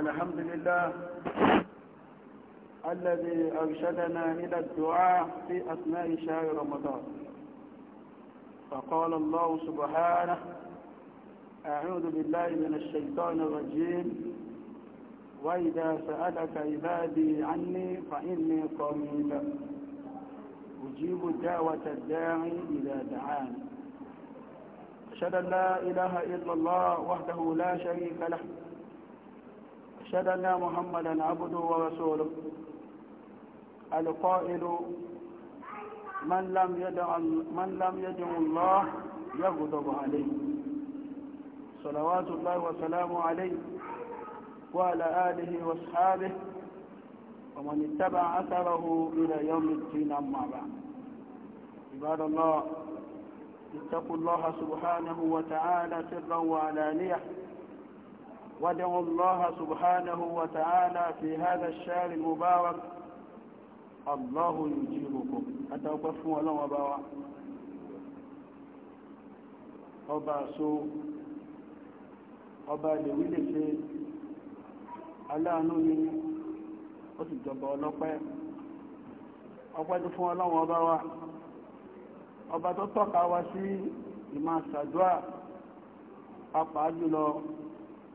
الحمد لله الذي أرشدنا إلى الدعاء في أثناء شهر رمضان فقال الله سبحانه أعوذ بالله من الشيطان الرجيم وإذا سألك عبادي عني فإني قريب أجيب دعوة الداعي إذا دعاني أشهد أن لا إله إلا الله وحده لا شريك له أشهد أن محمدا عبده ورسوله القائل من لم يدع من لم يدع الله يغضب عليه صلوات الله وسلامه عليه وعلى آله وأصحابه ومن اتبع أثره إلى يوم الدين أما بعد عباد الله اتقوا الله سبحانه وتعالى سرا وعلانية وادعوا الله سبحانه وتعالى في هذا الشهر المبارك الله يجيبكم أتوقفوا ولو وباوا ọba so ọba lèwí lè ṣe aláàánú ni ó sì jọba ọlọ́pẹ́ ọpẹ́ tó fún ọlọ́wọ́ ọba wa ọba tó tọ́ka wa sí ìmọ̀ àṣàdúà pàápàá jùlọ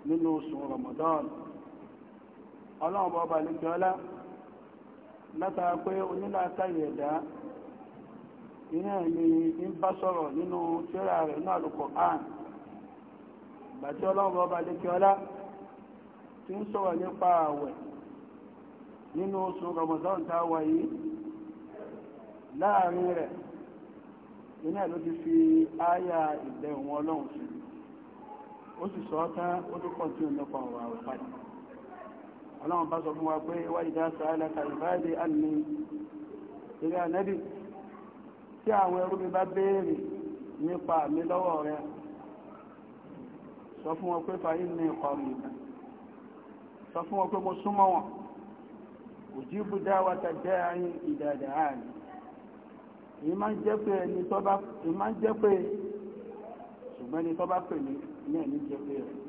nínú oṣù Ramadan ọlọ́run bọ́ba lẹ́jọ́lá látara pé onílàákàyè ẹ̀dá iná ni ń bá sọ̀rọ̀ nínú tírà rẹ̀ náà lóko àn gbàtí ọlọ́run bọ́ba lẹ́jọ́lá ti ń sọ̀rọ̀ nípa àwẹ̀ nínú oṣù Ramadan tá a wà yìí láàrin rẹ̀ iná ló ti fi áyà ìbẹ̀rùn ọlọ́run sí ó sì sọ ọ́tá ó tó kọ̀ tí ó lọ́pa ọ̀rọ̀ àrùn padà ọlọ́run bá sọ fún wa pé wá ìdá sàálẹ́ta ìbáàdé àmì ìrẹ́ ànẹ́bì tí àwọn ẹrú mi bá béèrè nípa mi lọ́wọ́ rẹ sọ fún wọn pé fàyí ní ìkọrù ìgbà sọ fún wọn pé mo súnmọ́ wọn òjíbù dáwàtà jẹ́ àyín ìdàdà àárín èyí máa ń jẹ́ pé ẹni tó bá pè mí náà ní jẹ́ pé rẹ̀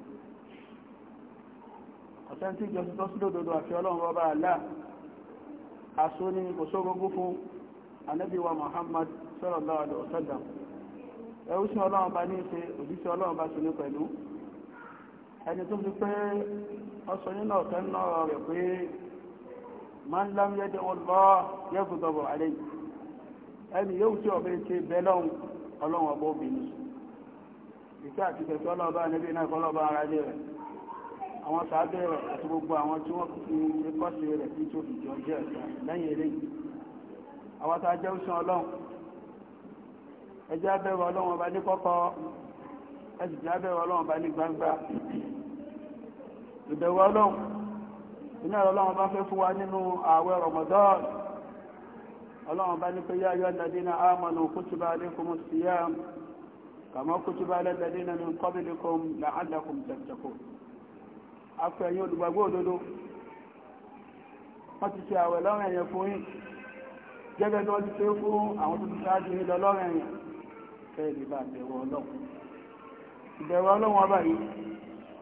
ọ̀sán tí jọ tó sílòdòdó àfi ọlọ́run ọba àlá aṣó ní kò sógógó fún anábíwa Muhammad sallallahu alaihi wasallam ẹ̀rú sí ọlọ́run bá ní ṣe òjíṣẹ́ ọlọ́run bá ṣe ní pẹ̀lú ẹni tó fi pé ọsọ nínú ọ̀tẹ́ náà rẹ̀ pé man lam yẹ́dẹ̀ Allah yẹ́gùdọ̀bọ̀ ìkẹ́ àti tẹ̀tọ́ ọlọ́ọ̀bá níbi náà kọ́lọ́ọ̀bá ara lé rẹ̀ àwọn sàábẹ̀ rẹ̀ àti gbogbo àwọn tí wọ́n fi ẹkọ́sí rẹ̀ tí tó fi jọ jẹ́ lẹ́yìn eré àwọn tá a jẹ́ òṣùn ọlọ́run ẹjẹ́ abẹ́rọ ọlọ́run ọba ní kọ́kọ́ ẹjẹ́ abẹ́rọ ọlọ́run ọba ní gbangba ìbẹ̀rù ọlọ́run iná ọlọ́run bá fẹ́ fún wa nínú ààwẹ̀ Ramadan ọlọ́run bá ní pé yá ayọ́ kàmọ́ kutiba ala alladhina min qablikum la'allakum tattaqun afẹ́yìn olùgbàgbọ́ òdodo wọ́n ti ṣe àwẹ̀ lọ́rọ̀ ẹ̀yẹ fún yín gẹ́gẹ́ bí wọ́n ti ṣe fún àwọn tó ti ṣáájú yín lọ lọ́rọ̀ ẹ̀yẹ fẹ́ẹ̀ lè bá bẹ̀rù ọlọ́run ìbẹ̀rù ọlọ́run ọba yìí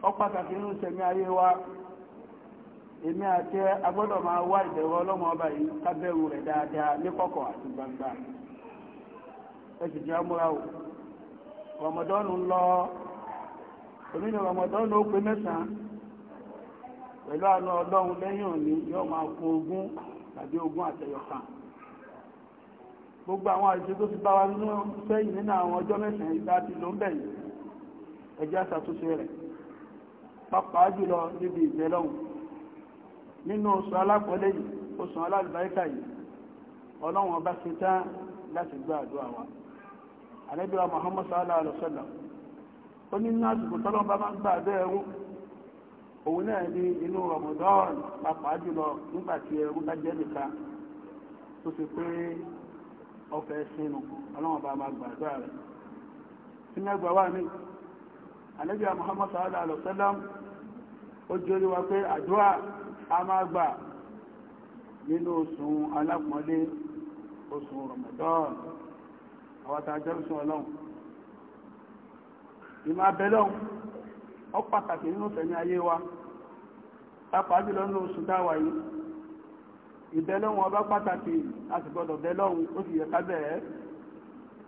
ó pàtàkì nínú sẹ̀mí ayé wa èmi àti agbọ́dọ̀ máa wá ìbẹ̀rù ọlọ́run ọba yìí ká bẹ̀rù rẹ̀ dáadáa ní kọ̀kọ̀ àti gbangba ẹ sì jẹ́ amúra o rọmọdọ́nù ń lọ òmìnì rọmọdọ́nù ó pé mẹ́sàn pẹ̀lú àánú ọlọ́run lẹ́yìn òní yóò máa kún ogún tàbí ogún àtẹyọkàn gbogbo àwọn àìsí tó ti bá wa nínú sẹ́yìn nínú àwọn ọjọ́ mẹ́sàn ìgbà ti ló ń bẹ̀ yìí ẹjẹ́ àṣàtúnṣe rẹ̀ pàápàá jùlọ níbi ìtẹ́lọ́hùn nínú oṣù alápọ̀lẹ́ yìí oṣù alálùbáríkà yìí ọlọ́run ọba ṣe tán láti gbọ́ àdúrà wa àlẹ́bíwá Muhammad sallallahu alaihi wasallam ó ní ní àsìkò tọ́lọ́ bá máa ń gbà bẹ́ẹ̀ rú òun náà ní inú Ramadan pàápàá jùlọ nígbà tí ẹrú bá jẹ́ nìkan tó ti pé ọfẹ́ sínú ọlọ́wọ́n bá máa gbàdúrà rẹ̀ sínú ẹgbàá wà ní àlẹ́bíwá Muhammad sallallahu alaihi wasallam ó jórí wa pé àdúrà a máa gbà nínú oṣù alápọ̀nlé oṣù Ramadan ọ̀tà jẹ́rùsùn ọlọ́run ìmọ̀ abẹ́lọ́run ọ pàtàkì nínú fẹ̀mí ayé wa pàápàá jùlọ nínú oṣù táwà yìí ìbẹ́lọ́run ọba pàtàkì a sì gbọ́dọ̀ bẹ́lọ́run ó sì yẹ ká bẹ̀ẹ́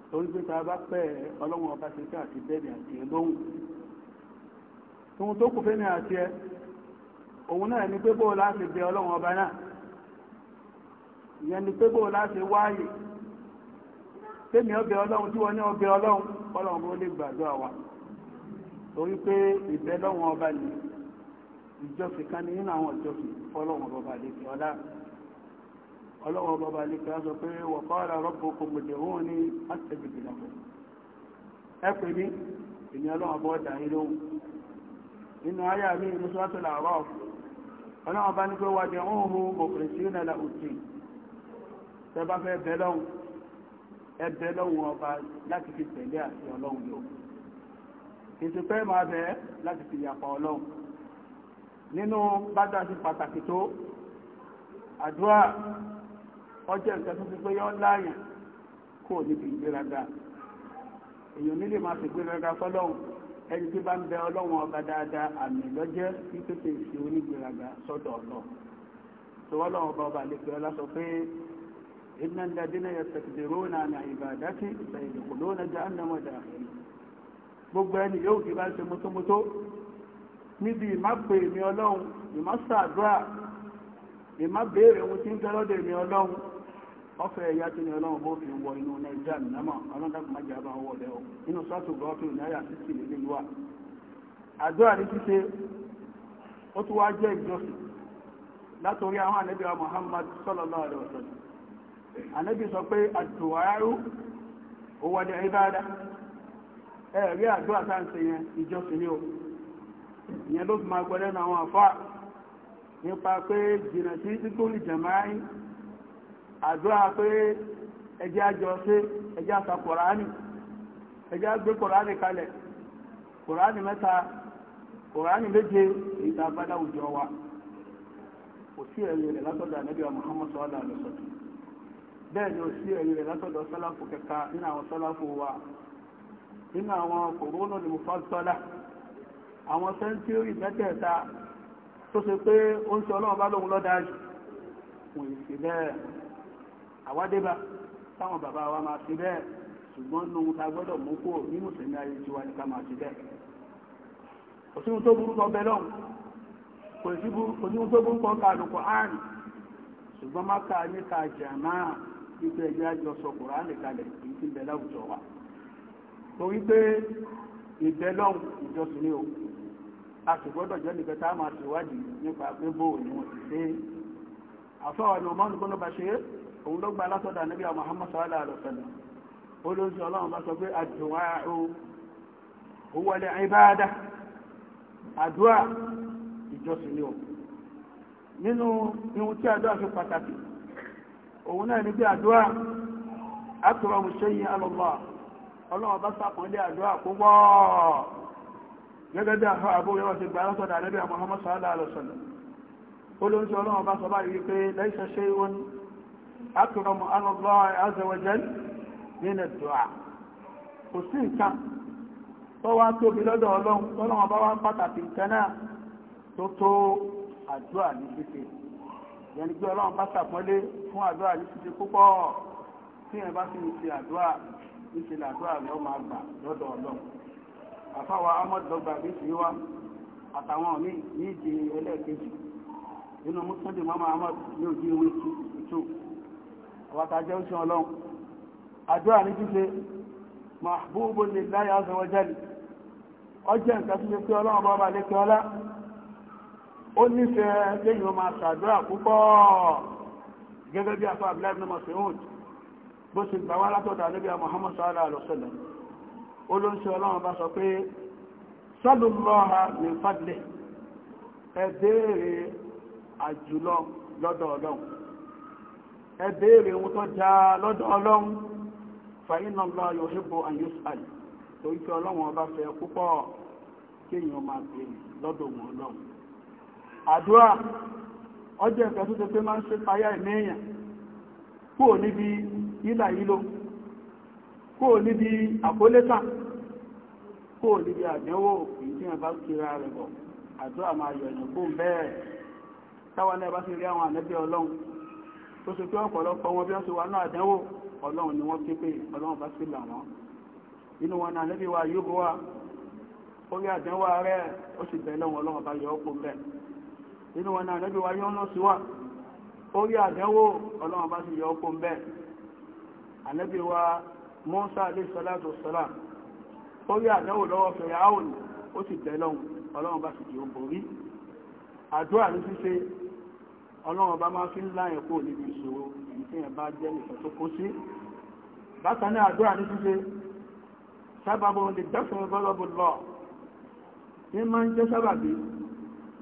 torí pé ta bá pẹ́ ọlọ́run ọba ṣe fẹ́ àti bẹ́ẹ̀ni àti ẹ lóhùn tòun tó kù fẹ́mi àti ẹ òun náà ni pé bóò láti bẹ ọlọ́run ọba náà ìyẹn ni pé bóò láti wáyè tẹ́mi ọbẹ̀ ọlọ́run tí wọ́n ní ọbẹ̀ ọlọ́run ọlọ́run ó lè gbàdúrà wa torí pé ìbẹ́ lọ́wọ́n ọba lè ìjọsìn kan ní nínú àwọn ìjọsìn fọlọ́wọ́n ọba lè fi ọlá ọlọ́wọ́n pé wọ̀kọ́ ọ̀rọ̀ rọ́pò kòmòdè òun ní àtẹ̀gbègbè ẹ pè mí èmi ọlọ́run ọba ọ̀dà ìlú ẹbẹ lọ́wọ́ ọba láti fi tẹ̀lé àti ọlọ́run lò ìsìnkẹ́ máa bẹ̀ láti fi yàpá ọlọ́run nínú bájá sí pàtàkì tó àdúrà ọjọ́ nǹkan tó ti pé yọ́ láàyàn kò níbi ìgbéraga èèyàn nílé máa fi gbéraga fọlọ́run ẹni tí bá ń bẹ ọlọ́run ọba dáadáa àmì lọ́jẹ́ wípé kò sí onígbéraga sọ́dọ̀ ọlọ́run tó wọ́n lọ́wọ́ ọba ọba àlejò ọlá sọ pé إن الذين يستكبرون عن عبادتي سيدخلون جهنم داخلين gbogbo ẹni yóò fi bá ṣe mútúmútó níbi ìmápe èmi ọlọ́run ìmábéèrè ohun tí ń èmi ọlọ́run ẹ̀yà tí ni ọlọ́run bó fi wọ inú nàìjíríà nìyàmọ̀ ọlọ́dàkùn májà bá wọ lẹ́ọ̀ inú sọ́ọ̀tù gọ́ọ̀tù náírà sísì lè lélu wa àdúrà ní ṣíṣe ó tún wá jẹ́ ìjọsìn látòrí àwọn Muhammad ànábì sọ pé àtùwárú òwòdì ìbádà ẹ̀rí àdúrà sáǹsì yẹn ìjọsìn ní o ìyẹn ló fi máa gbọ́dẹ́ náà àwọn àfáà nípa pé jìnà sí tíkúrì jẹ̀máì àdúrà pé ẹjẹ́ àjọ sí ẹjẹ́ àta kòránì ẹjẹ́ àgbé kòránì kalẹ̀ kòránì mẹ́ta kòránì méje ìta bá wa kò sí ẹ̀rí rẹ̀ látọ̀dọ̀ ànábì wa Muhammad bẹ́ẹ̀ ni ó sí ẹ̀rí rẹ̀ látọ̀dọ̀ sọ́láfù kẹta nínú àwọn sọ́láfù wa nínú àwọn kòrónà ní mufasọ́lá àwọn sẹ́ńtírì mẹ́tẹ̀ẹ̀ta tó ṣe pé ó ń sọ ọlọ́run bá lóhun lọ́dájú wọn ì sí bẹ́ẹ̀ àwádébá táwọn bàbá wa máa fi bẹ́ẹ̀ ṣùgbọ́n lóhun ta gbọ́dọ̀ mú kó ní mùsùlùmí ayé tí wà ní ká máa fi bẹ́ẹ̀ òsínú tó burú kan bẹ lọ́hùn kò sí òsínú tó burú kan kà lóko áàrùn ṣùgbọ́n má kà ní kà jẹ̀ máa wípé ẹgbẹ́ àjọ sọ kùránì kalẹ̀ èyí tí ń bẹ wa torí pé ìbẹ́lọ́hùn ìjọsìn ni o a sì gbọ́dọ̀ jẹ́ nìkan tá a máa ṣèwádìí nípa ti ṣe àfọwọ́ ni ọmọ nìkan ló bá ṣe é òun ló gba alásọ̀dà níbi àwọn ọlọ́run bá sọ pé àdùnwá o ni o nínú ihun tí àdúrà òun náà ní bí àdúrà akọrọmù ṣẹ́yìn alọ́lọ́ ọlọ́wọ́ bá sàpọ̀lé àdúrà púpọ̀ gẹ́gẹ́ bí àfá àbó yọ́wọ́ ti gbà lọ́sọ̀dà àdẹ́bí Muhammad sallallahu alaihi wasallam olóńtí ọlọ́wọ́ bá sọ báyìí pé laysa shay'un akọrọmù alọ́lọ́ azza wa jal nínú dùà kò sí nǹkan tó wá tóbi bá wá pàtàkì nǹkan yẹni pé ọlọ́run bá sàpọ́nlé fún àdúrà ní ṣíṣe púpọ̀ tí yẹn bá sì ń ṣe àdúrà níṣe làdúrà lọ́ máa gbà lọ́dọ̀ ọlọ́run àfáwa ahmed dọgba bíṣì wa àtàwọn míì ní ìdí ẹlẹ́ẹ̀kejì nínú mùsùlùmí mama ahmed ní òjì ìwé ìtú àwàtàjẹ́ oṣù ọlọ́run àdúrà ní ṣíṣe mahbubun lillahi azza wa jalla ọjẹ́ nǹkan tó ṣe pé ọlọ́run bá balẹ̀ kí ọlá ó nífẹ̀ẹ́ lẹ́yìn ọmọ àṣàdúrà púpọ̀ gẹ́gẹ́ bí afọ́ àbílá ibn Mas'ud bó ti gbà wá látọ̀dà níbi Muhammad sallallahu alaihi wasallam ọlọ́run bá sọ pé sallallahu min fadli ẹ àjùlọ lọ́dọ̀ ọlọ́run àdúrà ọjọ́ ẹ̀kọ́ tó tẹ́tẹ́ máa ń ṣe payá ìmẹ́yàn kúò níbi ìlà ìlò kúò níbi àkólétà kúò níbi àdẹ́wò ìdí ẹ̀bá kíra rẹ̀ bọ̀ àdúrà máa yọ̀ ẹ̀nà kó bẹ́ẹ̀ táwọn ẹ̀bá sì rí àwọn ànẹ́bí ọlọ́run tó ṣe pé ọ̀pọ̀lọpọ̀ wọn bí wọ́n ṣe wà náà àdẹ́wò ọlọ́run ni wọ́n ké pé ọlọ́run bá sí là wọn inú wọn náà ànẹ́bí wa yóò bọ́ wa ó rí àdẹ́wò ààrẹ ó sì bẹ̀ lọ́wọ́ ọlọ́run bá yọ ọ́ kó bẹ́ẹ̀ nínú wọn náà lẹ́bí wa yọ́nà sí wà orí àdánwò ọlọ́run bá sì yọ ọkọ̀ ń bẹ́ẹ̀ àlẹ́bí wa Mùsá alayhi salatu wassalam orí àdánwò lọ́wọ́ fẹ̀rẹ̀ áwòn ó sì tẹ́ lọ́hùn ọlọ́run bá sì jẹ́ borí àdúrà ní ṣíṣe ọlọ́run bá máa fi ń láyẹ̀ kó níbi ìṣòro èyí tí yẹn bá jẹ́ nìkan tó kó sí bákan náà àdúrà ní ṣíṣe sábàbọ̀ ní dẹ́kùnrin bọ́lọ́bù lọ ní máa ń jẹ́ sábàbí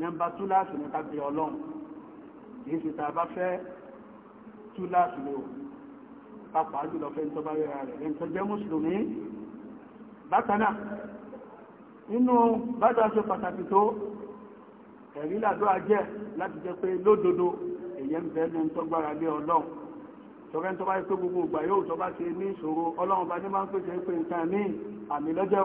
nọmba túláàsì ní kábí ọlọ́run kìí ṣe tàbá fẹ́ túláàsì ní o pàpàá jùlọ fẹ́ tó bá rẹ̀ra rẹ̀ ẹni tó jẹ́ mùsùlùmí bákanáà nínú bájá ṣe pàtàkì tó ẹ̀rí làdó ajẹ́ láti jẹ́ pé lódodo èyẹ ń bẹ́ẹ̀ ní tó gbára lé ọlọ́run tọ́rẹ́ tó bá yẹ pé gbogbo ìgbà yóò tó bá ṣe ní ìṣòro ọlọ́run bá ní máa ń pèsè pé nǹkan ní àmì lọ́jọ́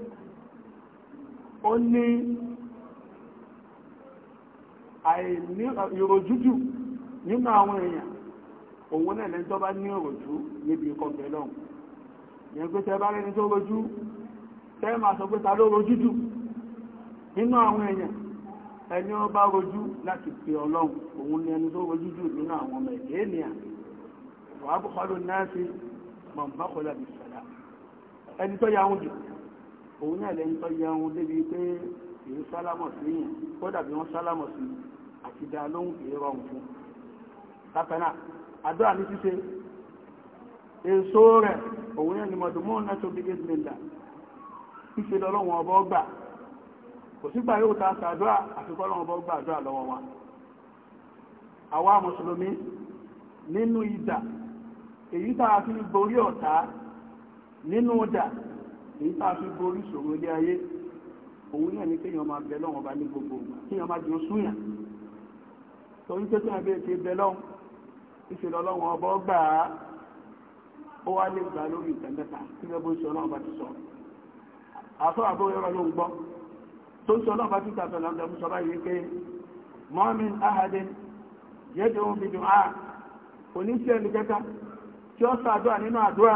ó ní àìní ìròjújù nínú àwọn èèyàn òun náà lẹ́ni tó bá ní ìròjú níbi ikọ̀ bẹ̀lọ́n yẹn pé tẹ́ bá rẹni tó rojú tẹ́ máa sọ pé ta ló rojú jù nínú àwọn èèyàn ẹni ó bá rojú láti pè ọlọ́run òun ni ẹni tó rojú jù nínú àwọn ọmọ ẹ̀dẹ́ ènìyàn wàá bùkọ́lù náà sí mọ̀nbákọ́lá bìsọ̀lá ẹni tó yà ń òun náà lẹ́yìn tó yẹun débi pé èyí sálámọ̀ sí yẹn kódà bí wọ́n sálámọ̀ sí àti dá lóhùn èyí rọrùn fún bákan náà àdúrà ní ṣíṣe èso rẹ̀ òun náà ni mọ̀dùmọ́ náà tó bí gẹ́gẹ́ ṣíṣe lọ́lọ́wọ́n ọbọ̀ gbà kò sígbà yóò ta sàdúrà àfikọ́ lọ́wọ́n ọbọ̀ gbà àdúrà lọ́wọ́ wa àwa mùsùlùmí nínú ìdà èyí tá a fi borí ọ̀tá nínú ìdà èyí tá a fi borí ìṣòro ilé ayé òun náà ní kéèyàn máa bẹ lọ́wọ́n bá ní gbogbo kéèyàn máa jọ súnyà torí pé kéèyàn bẹ́ẹ̀ ti bẹ lọ́wọ́n ìṣèlú ọlọ́wọ́n ọba ọgbà á ó wá lè gbà lórí ìtẹ̀mẹ́ta tí wọ́n bó ń ṣe ọlọ́wọ́n bá ti sọ àfọ́ àbó ẹ̀rọ ló ń gbọ́ tó ń ṣe ọlọ́wọ́n bá ti tàbí ọlọ́wọ́n bá sọ báyìí pé mọ́mìn ahadin yẹ́dùn bìdùn á oníṣẹ́ ẹnì kẹta tí ó ṣàdúrà nínú àdúrà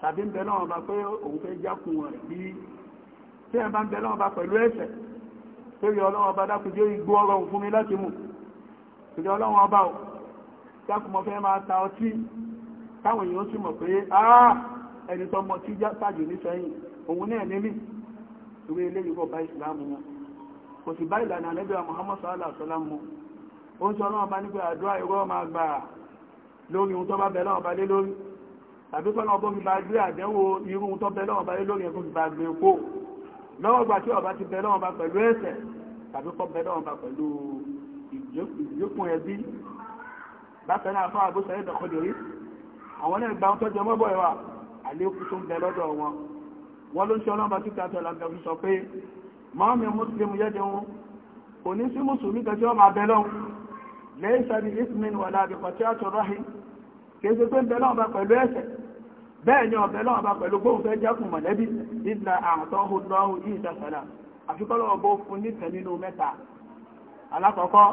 tàbí ń bẹ lọ́wọ́ bá pé òun fẹ́ jákun rẹ̀ bí tí ẹ bá ń bẹ lọ́wọ́ bá pẹ̀lú ẹ̀ṣẹ̀ tó yọ ọlọ́wọ́ bá dákùjẹ́ igbó ọrọ̀ fún mi láti mú ìjọ ọlọ́wọ́ bá ò dákùmọ́ fẹ́ máa ta ọtí táwọn èèyàn sì mọ̀ pé ah ẹni tó mọ tí sáàjù ní sẹ́yìn òun náà nílì ìwé ilé yìí kò bá ìsìlámù wọn kò sì bá ìlànà àlẹ́bíà Muhammad sallallahu alaihi wasallam ó ń sọ ọlọ́wọ́ bá nígbà àdúrà ìwọ́ máa gbà lórí ohun tó bá bẹ̀ lọ́wọ́ bá lé tàbí kọ́nà ọgbọ́n mi bá gbé àdẹ́wò irú tó bẹ lọ́wọ́ bá yé lórí ẹ̀kọ́ mi bá gbé kó lọ́wọ́ gbà tí ọba ti bẹ lọ́wọ́ bá pẹ̀lú ẹ̀ṣẹ̀ tàbí kọ́ bẹ lọ́wọ́ bá pẹ̀lú ìjókùn ẹbí bákan náà fún àbúṣe ẹ̀dọ̀ kọ́ lórí àwọn náà gba tó jẹ mọ́bọ̀ ẹ̀wà àlékún tó ń bẹ lọ́dọ̀ wọn wọn ló ń ṣe ọlọ́mọba tí kàtọ́ làbẹ̀ fi sọ pé mọ́mí mùsùlùmí yẹ́dẹ̀ wọn kò ní sí mùsùlùmí kan tí wọ́n máa bẹ lọ́wọ́ lẹ́yìn sáré ismin wà láàbí kọ̀tí àtọ̀rọ̀hìn kì í ṣe pé ń bẹ lọ́wọ́ bá pẹ̀lú ẹ̀ṣẹ̀ bẹ́ẹ̀ ni ọ̀bẹ̀ lọ́wọ́ bá pẹ̀lú gbóhùn fẹ́ jẹ́kùn mọ̀lẹ́bí ìlà àtọ́hùn lọ́hùn ìdásẹ̀lá àfikọ́lọ́ ọgbọ́ fún nítẹ̀ nínú mẹ́ta alákọ̀ọ́kọ́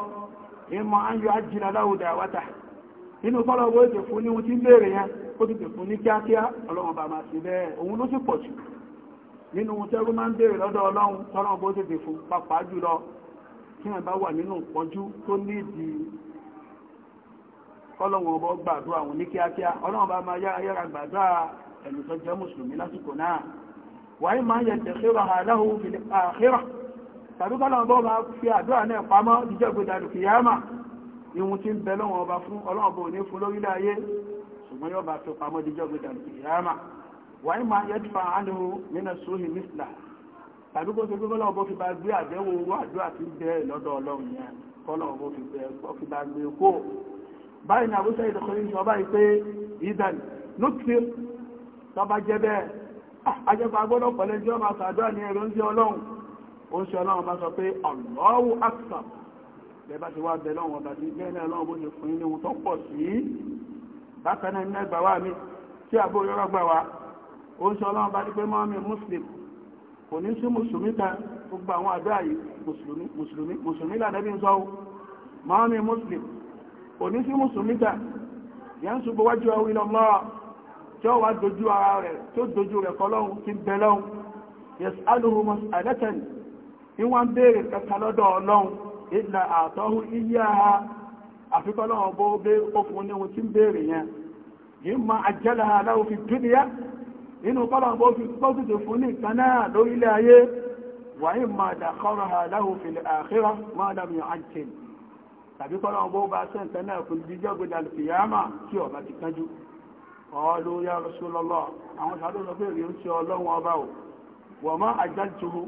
ìmọ̀ ayọ́ ajílá láwùdá nínú ti fún ní kíákíá kọ́lọ́wọ́n ọba gbàdúrà wọn ní kíákíá ọlọ́wọ́n bá máa yára gbàdúrà ẹ̀lú tó jẹ́ mùsùlùmí lásìkò náà wàyí máa yẹ tẹ̀síra aláhùn fìlẹ̀ àkírà tàbí kọ́lọ́wọ́n bá máa fi àdúrà náà pamọ́ jíjẹ́ gbé dàlù kìyàmà ìhun tí ń bẹ lọ́wọ́n ọba fún ọlọ́wọ́n bá òní fún lórílẹ̀ ayé ṣùgbọ́n yóò bá fi pamọ́ jíjẹ́ gbé dàlù kìyàmà wàyí máa yẹ tẹ̀fà ánìhù nínú sóhì mísìlá tàbí kó ṣe gbé kọ́lọ́wọ́n bó fi bá gbé àdẹ́wò owó àdúrà tí ń bẹ lọ́dọ̀ ọlọ́run yẹn kọ́lọ́wọ́n bó fi bá gbé e kó báyìí ni àbúṣe ìdọ̀kọ̀rí ìṣọ́ báyìí pé ìdàn nukir tọba jẹ́ bẹ́ẹ̀ ajẹ́pá ah, gbọ́dọ̀ pẹ̀lẹ́ jẹ́ ọmọ sàdọ́ ní ẹ̀rọ ń sí ọlọ́run ó ń sí ọlọ́run bá sọ pé Allahu akbar lẹ́bá ti wá bẹ̀ lọ́wọ́ ọba tí gẹ́ẹ̀lẹ́ ọlọ́run bó ṣe fún ní ohun tó pọ̀ sí bákan náà nínú ẹgbà wá mi tí àbó yọrọ gbà wá ó ń sí ọlọ́run bá ní pé mọ́ mi muslim kò ní sí mùsùlùmí ta gbogbo àwọn àdúrà yìí mùsùlùmí mùsùlùmí mùsùlùmí làdẹ́bí ń sọ mọ́ mi muslim kò ní sí mùsùlùmí gbà yà ń ṣubú wájú ọwọ́ iná mọ́ tí ó wá dojú ara rẹ̀ tó dojú rẹ̀ kọlọ́hun ti bẹ lọ́hun yes aluhu mọ́ àdẹ́tẹ̀lì ní wọ́n béèrè kẹta lọ́dọ̀ ọlọ́hun ìlà àtọ́hún iye ha àfikọ́lọ́hun bó bé okùn ní ohun tí ń béèrè yẹn fún ní tàbí kọ́lọ̀ ọgbọ́ bá sẹ́ǹtẹ́ náà fún jíjọ́ gbẹ̀dà kìyàmà tí ọba ti kánjú ọlọ́ ya Rasulullah àwọn sàádọ́ sọ pé rí ń ṣe ọlọ́run ọba ò wọ̀ mọ́ àjájúhu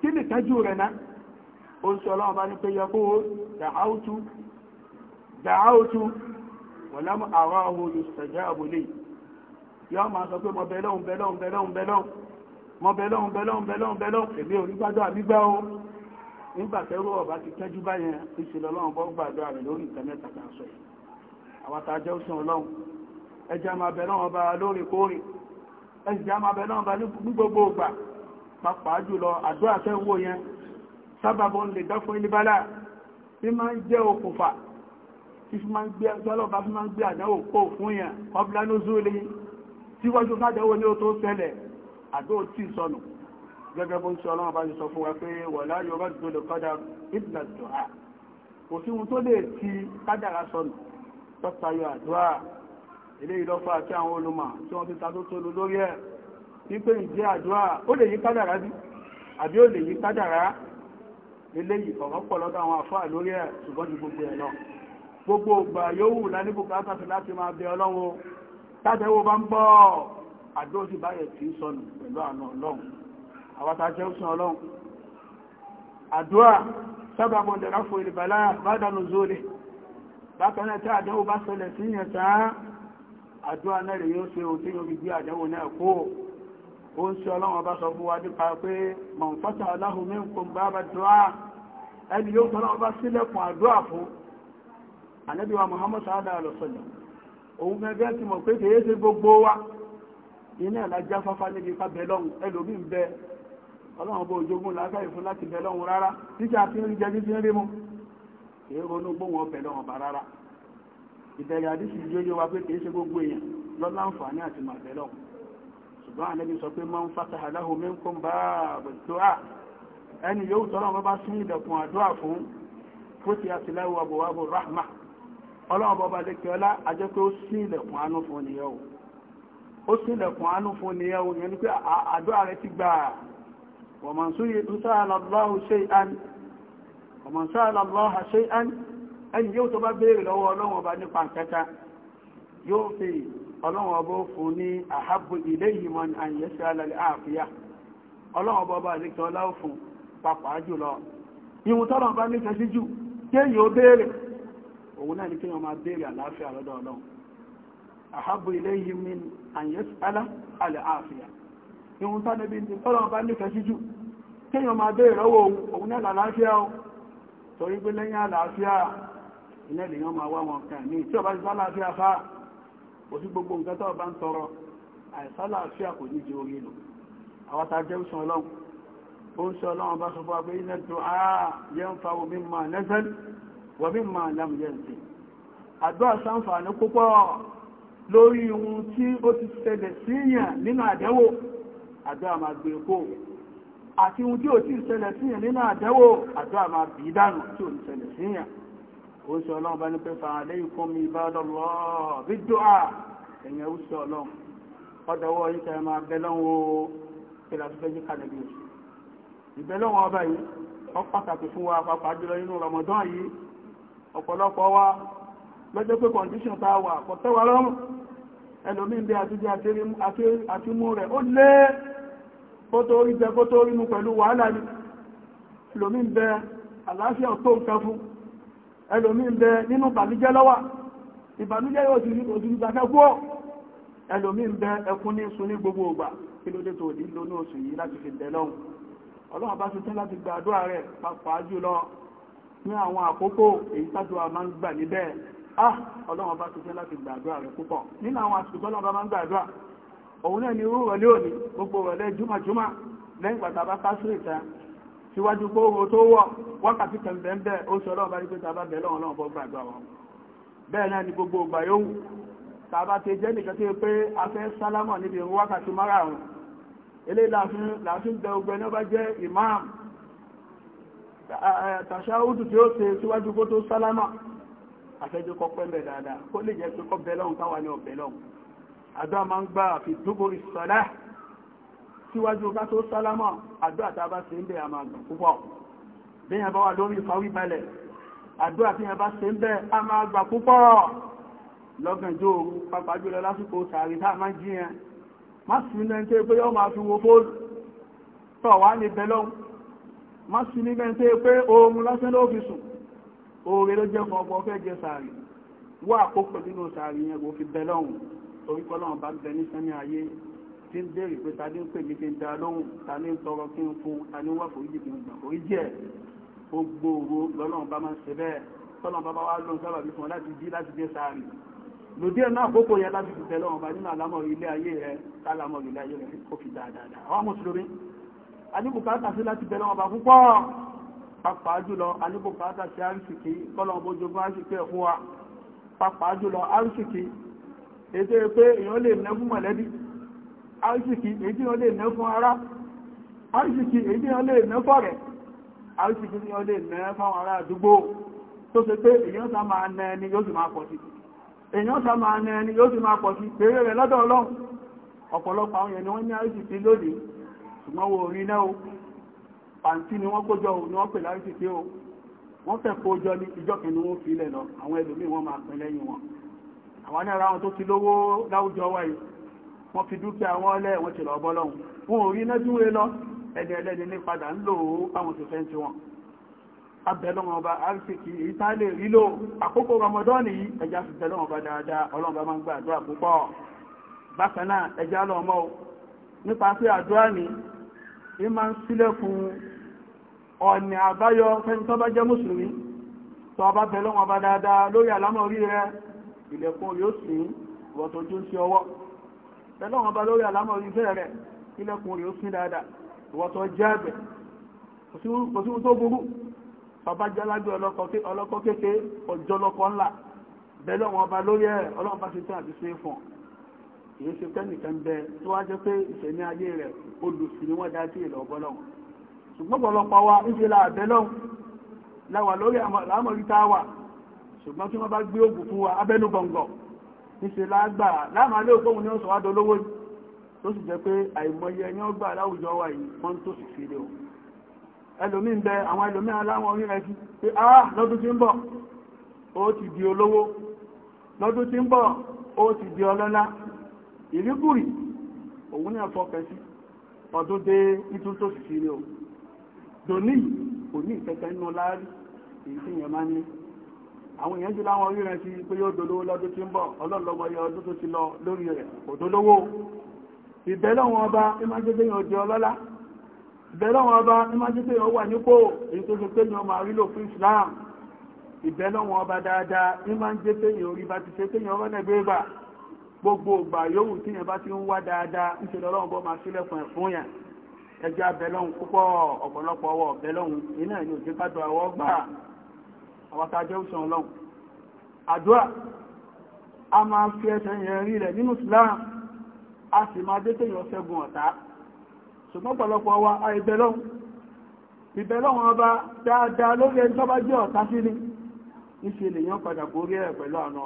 kí ni kánjú rẹ̀ náà ó ń ṣe ọlọ́run ọba ní pé yẹ nígbàtẹ́rù ọ̀bá ti tẹ́jú báyẹn ìṣẹ̀lẹ̀ ọlọ́run bọ́ gbàdọ́ àrẹ lórí nǹkan mẹ́ta ta sọ yìí àwàtà jẹ́ òṣùn ọlọ́run ẹjẹ́ máa bẹ̀ náà bá lóòrèkóòrè ẹjẹ́ máa bẹ̀ náà bá ní gbogbo ògbà pàápàá jùlọ àdúrà tẹ́wọ́ yẹn sábàbọ̀ lè dá fún ilébálà tí máa ń jẹ́ okùnfà tí máa ń gbé ọlọ́ba fi máa ń gbé àdáwò kó fún yẹn ọbúlánú zúlé síwájú fádẹ́wò ní ó tó ṣẹlẹ̀ àdó tí sọnù gẹ́gẹ́ bó ń sọ ọlọ́run bá ti sọ fún wa pé wọ̀lá yorùbá dòdò kọ́dà ìbìlà dùhà kò sí ohun tó lè ti kádàrá sọnù tọ́tayọ àdúrà eléyìí lọ́fà àti àwọn olùmọ̀ tí wọ́n ti ta tó tólu lórí ẹ̀ wípé ìjẹ́ àdúrà ó lè yí kádàrá bí àbí ó lè yí kádàrá eléyìí ọ̀rọ̀ pọ̀ lọ́dọ̀ àwọn àfáà lórí ẹ̀ ṣùgbọ́n ju gbogbo ẹ̀ lọ gbogbo ìgbà yòówù lánìbùkátà sí láti máa bẹ ọlọ́run tàbí ẹwọ́ bá ń bọ́ àdó sì báyẹ̀ tí sọnù pẹ̀lú àna ọlọ́run àwátà jẹ́ òsùn ọlọ́run àdúrà sábà mọ̀ dẹ̀rá fún ìrìbàlá bádànù zóòlè bákanáà tí àdánwò bá sọlẹ̀ sí yẹn tán àdúrà náà rẹ̀ yóò ṣe òtí yóò fi gbé àdánwò náà kó ó ń ṣe ọlọ́run ọba sọ fún wa nípa pé mọ̀nfọ́tà aláhùn mí ń bá bá dùá ẹni yóò tọ́lọ́ ọba sílẹ̀kùn àdúrà fún ànábì wa Muhammad sáádà lọ́sọ̀lẹ̀ òun gẹ́gẹ́ ti mọ̀ pé wa iná ìlàjá fáfá níbi ká bẹ̀ lọ́hùn ọlọ́run bó ojogún lágbàáyé fún láti bẹ lọ́hun rárá títà tí ń jẹ bí tí ń rí mu kìí ronú gbóhùn ọbẹ̀ lọ́hun bá rárá ìbẹ̀rẹ̀ àdísì yóyó wa pé kìí ṣe gbogbo èèyàn lọ́lá ń fàání àti màbẹ̀ lọ́hun ṣùgbọ́n àlẹ́bí sọ pé máa ń fata aláhùn mẹ́ńkùn bá àbẹ̀tọ́à ẹni yóò tọ́lọ́ wọn bá sún ìdẹ̀kùn àdúrà fún fóti àtìláwò àbòwábò rahma ọlọ́run bọ́ba lẹ́kẹ́ ọlá ajẹ́ pé ó sí ìlẹ̀kùn àánú fún nìyẹn o ó sí ìlẹ̀kùn àánú fún nìyẹn o yẹn ni pé àdúrà rẹ ti gbà á ومن سأل الله شيئا ومن سأل الله شيئا ẹni yóò tó bá béèrè lọ́wọ́ ọlọ́run ọba nípa kẹta yóò fi ọlọ́run ọba fún ní àhábù ilé ìmọ̀ àyẹ̀ṣẹ́ alẹ́ àfíà ọlọ́run ọba ọba àríkẹ́ ọláwọ́ fún pàpàá jùlọ ìwọ̀n tọ́lọ̀ bá nífẹ̀ẹ́ sí jù kéèyàn ó béèrè òun náà ni kéèyàn máa béèrè àlàáfíà lọ́dọ̀ ọlọ́run àhábù ilé ìmọ̀ àyẹ̀ṣẹ́ alẹ́ àfíà ìhun tánẹ́bí ti tọ́lọ̀ bá nífẹ̀ẹ́ sí jù kíyàn máa bẹ́ ìrọ́wọ́ òun ní àlàáfíà o torí pé lẹ́yìn àlàáfíà ilẹ̀ lèyàn máa wá wọn kàn ní tí ọba ti sálàáfíà fá kò sí gbogbo nǹkan tó bá ń tọrọ àìsálàáfíà kò ní jẹ orí lò àwọn ta jẹ́ òṣùn ọlọ́run ó ń sọ ọlọ́run bá sọ fún wa pé ilẹ̀ tó á yẹ ń fa omi máa lẹ́sẹ̀l wọ́mí máa lámù yẹn ti àdúrà sáǹfààní púpọ̀ lórí ohun tí ó ti ṣẹlẹ̀ síyàn nínú àdẹ́wò àdúrà máa gbé kó àti ohun tí ò tí ìṣẹ̀lẹ̀ síyàn nínú àdẹ́wò àdúrà máa bí dànù tí ò ní ṣẹlẹ̀ síyàn ó sọ ọlọ́run bá ní pé fàá lẹ́yìn fún mi bá lọ́lọ́ bí dọ́à ẹ̀yìn ó sọ ọlọ́run ọdọ̀wọ́ yìí kẹrẹ máa bẹ lọ́wọ́ pẹ̀lú àtúfẹ́jì kàdẹ̀bí oṣù ìbẹ́lọ́wọ́ ọba yìí Ramadan yìí ọ̀pọ̀lọpọ̀ wa lọ́jọ́ pé kọ̀ǹdíṣọ̀n tá a wà kò tẹ́ ẹlòmín bí àtújẹ́ àtímú rẹ̀ ó lé kótó orí jẹ kótó orí mú pẹ̀lú wàhálà ní ẹlòmín bẹ àlàáfíà tó nǹkan fún ẹlòmín bẹ nínú ìbànújẹ́ lọ́wà ìbànújẹ́ yóò ti rí ìgbàkẹ́kọ́ ẹlòmín bẹ ẹkún ní sun ní gbogbo ògbà kí ló dé tó ní lónú oṣù yìí ah ọlọ́run bá ti jẹ́ láti gbàdúrà rẹ̀ púpọ̀ nínú àwọn àsìkò ọlọ́run bá máa ń gbàdúrà òun náà ni irú rẹ̀ lónìí gbogbo rẹ̀ lẹ́ jùmọ̀jùmọ̀ lẹ́yìn pàtàkì bá kásìrì tán síwájú pé owó tó wọ̀ wákàtí kẹ̀m̀bẹ̀m̀bẹ̀ ó sọ ọlọ́run bá rí pé tàbá bẹ̀ lọ́run náà bọ́ gbàgbà wọn bẹ́ẹ̀ náà ni gbogbo ìgbà yóò tàbá ti jẹ́ nìkan tí ó pé a fẹ́ sálámọ̀ níbi ìrún wákàtí márààrún ilé láàfin bẹ ogun àfẹ́jọ́ kọ́ pẹ́ mẹ́ dáadáa kó lè jẹ́ pé kọ́ bẹ́lọ́hùn táwa ní ọ̀bẹ́lọ́hùn àdúrà máa ń gbà fi dúbòrì sọ́lá síwájú ká tó sálámà àdúrà tá a bá ṣe ń bẹ̀ àmà àgbà púpọ̀ bí yẹn bá wà lórí ìfawí balẹ̀ àdúrà tí yẹn bá ṣe ń bẹ̀ àmà àgbà púpọ̀ lọ́gànjọ́ òru pàápàá oore ló jẹ́ kan ọgbọ́n fẹ́ jẹ sàárì wá àkókò nínú sàárì yẹn kò fi bẹ lọ́hùn torí kọ́ lọ́hùn bá ń bẹ ní sẹ́mi ayé tí ń béèrè pé ta ní ń pè mí kí n da lóhùn ta ní ń tọrọ kí n fún ta ní wà foríjì kí n gbà foríjì ẹ̀ gbogbo òru lọ́lọ́run bá máa ń ṣe bẹ́ẹ̀ tọ́lọ́run bá bá wá lóhùn sábà bí fún ọ láti jí láti dé sàárì lòdí ẹ̀nà àkókò yẹn láti fi tẹ̀lọ́ ọba nínú àlámọ̀ ilé ayé rẹ̀ tálámọ̀ ilé ayé rẹ̀ kò fi dáadáa àwọn mùsùlùmí a ní bùkátà sí láti tẹ̀lọ́ ọba púpọ̀ pàápàá jùlọ alíbùkátà sí àríṣìkí kọ́lọ̀bójú bá ṣìkí ẹ̀ fún wa pàápàá jùlọ àríṣìkí ètò pé èèyàn lè ná fún mọ̀lẹ́bí àríṣìkí èdè èèyàn lè ná fún ará àríṣìkí lè ná fọ̀rẹ́ àríṣìkí lè ná àdúgbò tó ṣe pé sá máa ná ẹni yóò sì máa pọ̀ sí pàǹtí ni wọ́n kójọ ni wọ́n pè lárí títí o wọ́n fẹ́ kójọ ní ìjọ kẹni wọ́n fi ilẹ̀ lọ àwọn ẹlòmíì wọ́n máa pín lẹ́yìn wọn àwọn ní ara wọn tó ti lówó láwùjọ wa yìí wọ́n fi dúkìá wọn lẹ̀ wọ́n ti lọ bọ́ lọ́hùn wọn ò rí nájú wé lọ ẹni ẹlẹ́ni ní padà ń lò ó báwọn ti fẹ́ ti wọn abẹ́lọ́wọ́n ọba arísìkì èyí tá lè rí lò àkókò Ramadan yìí ẹja fi bẹ́lọ́wọ́n ọba dáadáa Ọlọ́run bá máa ń gbàdúrà púpọ̀ bákan náà ẹja lọ́mọ́ nípa pé àdúrà ní ní máa ń sílẹ̀kùn ọ̀nà àbáyọ fẹ́ni tó bá jẹ́ mùsùlùmí tó ọba bẹ̀lọ́ wọn bá dáadáa lórí àlámọ̀ orí rẹ ilẹ̀kùn yóò sí ìwọ̀tọ̀jú sí ọwọ́ bẹ̀lọ́ wọn bá lórí àlámọ̀ orí fẹ́ rẹ ilẹ̀kùn yóò sí dáadáa ìwọ̀tọ̀ jẹ́ ẹ̀bẹ̀ kò sí tó burú ọba jẹ́ lágbé ọlọ́kọ́ kéke ọjọ́ kìí ṣe tẹ́nìkan bẹ tó wá jẹ́ pé ìṣẹ̀ní ayé rẹ̀ olùsìn ni wọ́n dá sí ìlọ ọgbọ́lọ́hùn ṣùgbọ́n pọ̀lọpọ̀ wa ń ṣe láàbẹ́lọ́hùn láwà lórí àmọ̀ríta wà ṣùgbọ́n tí wọ́n bá gbé ògùn fún wa abẹ́nú gbọ̀ngọ̀ níṣe lágbà láàmà lé òkóhun ní ọ̀sọ̀ wá dolówó tó sì jẹ́ pé àìmọye ẹni ọgbà láwùjọ wa yìí wọ́n tó sì fi lé o ẹlòmí ń bẹ àwọn ẹlòmí aláwọn orí rẹ̀ fi pé á ah, lọ́dún tí ń ti di ọlọ́lá ìrígùrì òun ní àfọ́kẹ́ sí ọdún dé ìtún tó sì sílé o dòní kò ní ìkẹ́kẹ́ nínú láàrí èyí tí yẹn máa ní àwọn èèyàn jù láwọn orí rẹ̀ sí pé yóò dolówó lọ́dún tí ń bọ̀ ọlọ́lọ́mọye ọdún tó ti lọ lórí rẹ̀ kò dolówó ìbẹ̀lọ́wọ̀n ọba ìmájẹ́gbé yàn jẹ ọlọ́lá ìbẹ̀lọ́wọ̀n ọba ìmájẹ́gbé yàn wà nípò èyí tó ṣe pé yàn máa rí lò fún Islam ìbẹ̀lọ́wọ̀n ọba dáadáa ìmájẹ́gbé yàn orí bá ti ṣe pé yàn ọba nẹ̀gbẹ́ bà gbogbo ìgbà yòówù tí yẹn bá ti ń wá dáadáa ń ṣe lọ́lọ́run bọ́ máa sílẹ̀kùn ẹ̀ fún yẹn ẹjọ́ abẹ́lọ́hun púpọ̀ ọ̀pọ̀lọpọ̀ ọwọ́ ọ̀bẹ́lọ́hun iná ni òjò kájọ àwọ̀ gbà àwọ̀tajẹ́ òṣàn ọlọ́run àdúrà a máa fi ẹsẹ̀ yẹn rí rẹ̀ nínú Islam a sì máa dé tèèyàn ṣẹ́gun ọ̀tá ṣùgbọ́n ọ̀pọ̀lọpọ̀ wa a ìbẹ́lọ́hun ìbẹ́lọ́hun ọba dáadáa lórí ẹni tó bá jẹ́ ọ̀tá sí ni ìṣẹ̀lẹ̀ yẹn padà borí ẹ̀ pẹ̀lú àna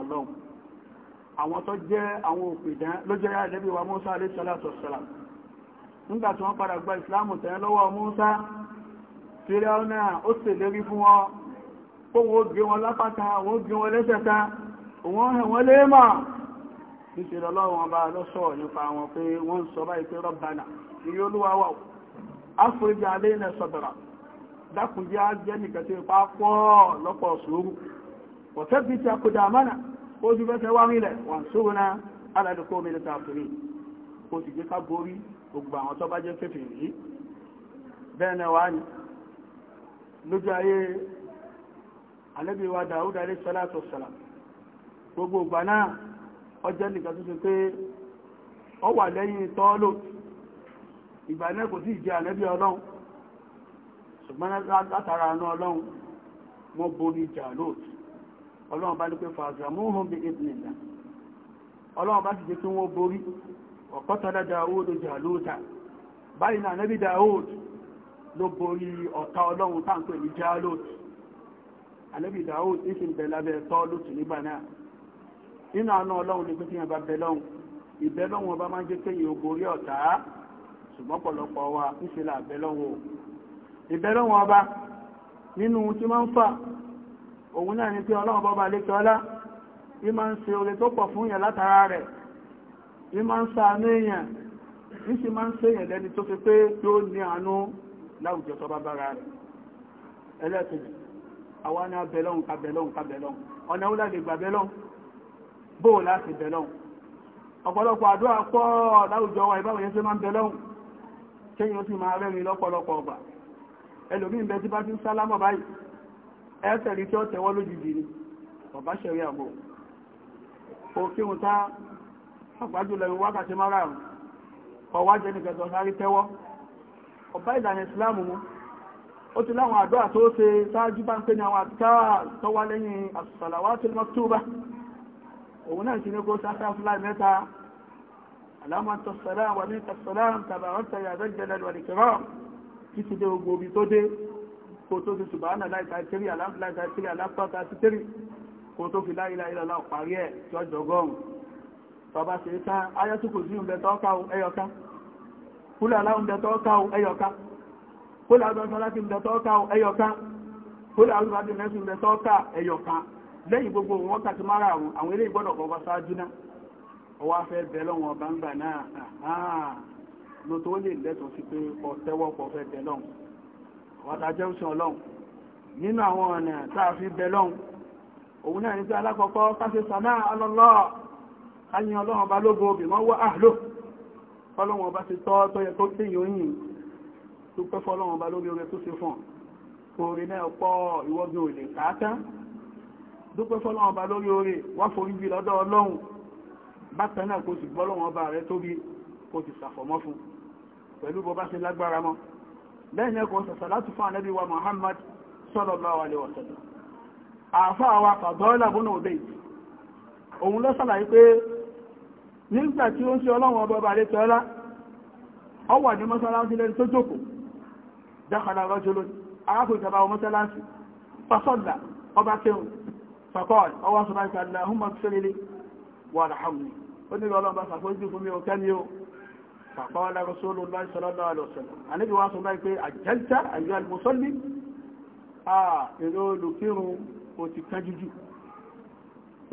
àwọn tó jẹ́ àwọn òpìdán ló jẹ́ àdẹ́bí wa Musa alayhi salatu wassalam nígbà tí wọ́n padà gba ìsìláàmù tẹ̀yẹn lọ́wọ́ Musa Fíráúnà ó sì lérí fún wọn kó wọn ó gbé wọn lápáta wọn ó gbé wọn lẹ́sẹ̀ta wọ́n hẹ̀ wọ́n lé mọ̀ níṣẹ́ lọ́wọ́ wọn bá lọ́sọ̀ ojú bẹ́sẹ̀ wá rílẹ̀ wọ́n sórúnà aládùkọ́ mẹ́lẹ́ta àtúrí ó sì jẹ́ ká borí gbogbo àwọn tó jẹ́ kẹfẹ̀ rí lójú ayé Ànábì wa Dáúdà alayhi gbogbo ìgbà náà ọjọ́ nìkan tó ṣe pé ọ wà lẹ́yìn tọ́ọ́lò ìgbà náà kò sí ìjẹ́ ọlọ́run ṣùgbọ́n látara ọlọ́run borí ọlọ́run bá ní pé fàájàmúhùn bí ìdìnnà ọlọ́run bá ti jẹ́ kí wọ́n borí ọ̀pọ̀tọ́lá dáwòdó jàlóòtà báyìí náà nẹ́bí dáwòd ló borí ọ̀tá ọlọ́run táǹpẹ̀ ní jàlóòt alẹ́bí dáwòd ìsìn bẹ̀ lábẹ́ tọ́ lótù nígbà náà nínú àánú ọlọ́run ní pínpín ẹba bẹ̀lọ́run ìbẹ̀lọ́run ọba máa ń jẹ́ kéyìn ó borí ọ̀tá ṣùgbọ́n pọ̀lọpọ̀ wa ń ṣe là bẹ̀lọ́run ìbẹ̀lọ́run ọba nínú tí máa ń fà òun náà ni pé ọlọ́run bọ́ba lè tọ́lá ìmọ̀ ń ṣe oore tó pọ̀ fún yẹn látara rẹ̀ ìmọ̀ ń ṣàánú èèyàn ìsì máa ń ṣe èèyàn lẹ́ni tó fi pé tí ó ní àánú láwùjọ tó bá bára rẹ̀ ẹlẹ́kejì àwa ní abẹ́lọ́hun ká bẹ́lọ́hun ká bẹ́lọ́hun ọ̀nà ó láti gbà bẹ́lọ́hun bóò láti bẹ́lọ́hun ọ̀pọ̀lọpọ̀ ẹ́sẹ̀rí tí ó tẹ̀wọ́ lójijì ni ọ̀bá ṣẹ̀rí àbò òkíhun tá àpájúlọ ìwọ wákàtí márààrùn ọwá jẹ́ nìkẹtọ̀ sáré tẹ́wọ́ ọ̀bá ìlànà ìsìláàmù mú ó ti láwọn àdúrà tó ṣe sáájú bá ń pè ní àwọn àtúkárà tó wá lẹ́yìn as-salawatul maktuba òun náà sí ní kó sáfẹ́ fúláì mẹ́ta alámọ́tọ̀ sàlá wà ní tàbí àwọn tàbí àbẹ́jẹ̀lẹ̀ wà ní kẹrọ títí dé gbogbo omi tó dé kó tó fi ṣùgbọ́n láìka ìtẹ́rì aláìka ìtẹ́rì alápáta títẹ́rì kó tó fi láìla ìlàlá parí ẹ̀ tí ọjọ́ gọ́ọ̀rùn tọba ṣe tán ayọ́tùkù sí ìbẹ̀ tọ́ka ẹyọká kúlẹ̀ aláwùbẹ̀ tọ́ka ẹyọká kúlẹ̀ agbọ́nsọ́ láti ìbẹ̀ tọ́ka ẹyọká kúlẹ̀ alúbàdì mẹ́sùn ìbẹ̀ tọ́ka ẹyọká lẹ́yìn gbogbo wọn kàtí mara àrùn àwọn ilé ìgbọ́dọ̀ kọba ṣáájú náà ọwá fẹ́ bẹ̀ lọ́wọ́ ọba ń gbà náà lótó lè lẹ́tọ̀ọ́ sí pé ọ̀tẹ́wọ́pọ̀ fẹ́ bẹ̀ lọ́wọ́ wàtàjẹ́ òṣùn ọlọ́run nínú àwọn ọ̀nà táà fi bẹ lọ́run òun náà ní pé alákọ̀ọ́kọ́ káṣe sàmá alọ́lọ́ ayin ọlọ́run ọba lógo obì wọ́n wá àlò fọ́lọ́run ọba ti tọ́ tó yẹ tó tí yóò yìn tó pẹ́ fọ́lọ́run ọba lórí oore tó ṣe fún oore náà pọ̀ ìwọ́gbìn ò lè káátá dúpẹ́ fọ́lọ́run ọba lórí oore wá forí bí lọ́dọ̀ ọlọ́run bákan náà kò sì gbọ́lọ́run ọba rẹ tóbi kò sì sàfọ̀mọ́ fún pẹ̀lú bó bá ṣe lágbára mọ́ lẹ́yìn ẹkùn sọ̀sọ̀ láti fún ànábì wa Muhammad sallallahu alaihi wasallam àfá àwa fàdọ́ọ́lá bọ́nà òbẹ́ ìtì òun ló sàlàyé pé nígbà tí ó ń sí ọba ale alẹ́ tọ́lá ọ wà ní mọ́sálásí lẹ́ni tó jókòó a rọ́jọ́ lónìí arákùnrin tàbá wọ mọ́sálásí fasọ́dà fàkọ́ọ́lá Rasulullahi sallallahu alaihi wasallam àníbi wá sọ báyìí pé àjẹ́lta àyọ́ alìmọ̀sọ́lì èrò olùkírun ó ti tán jújù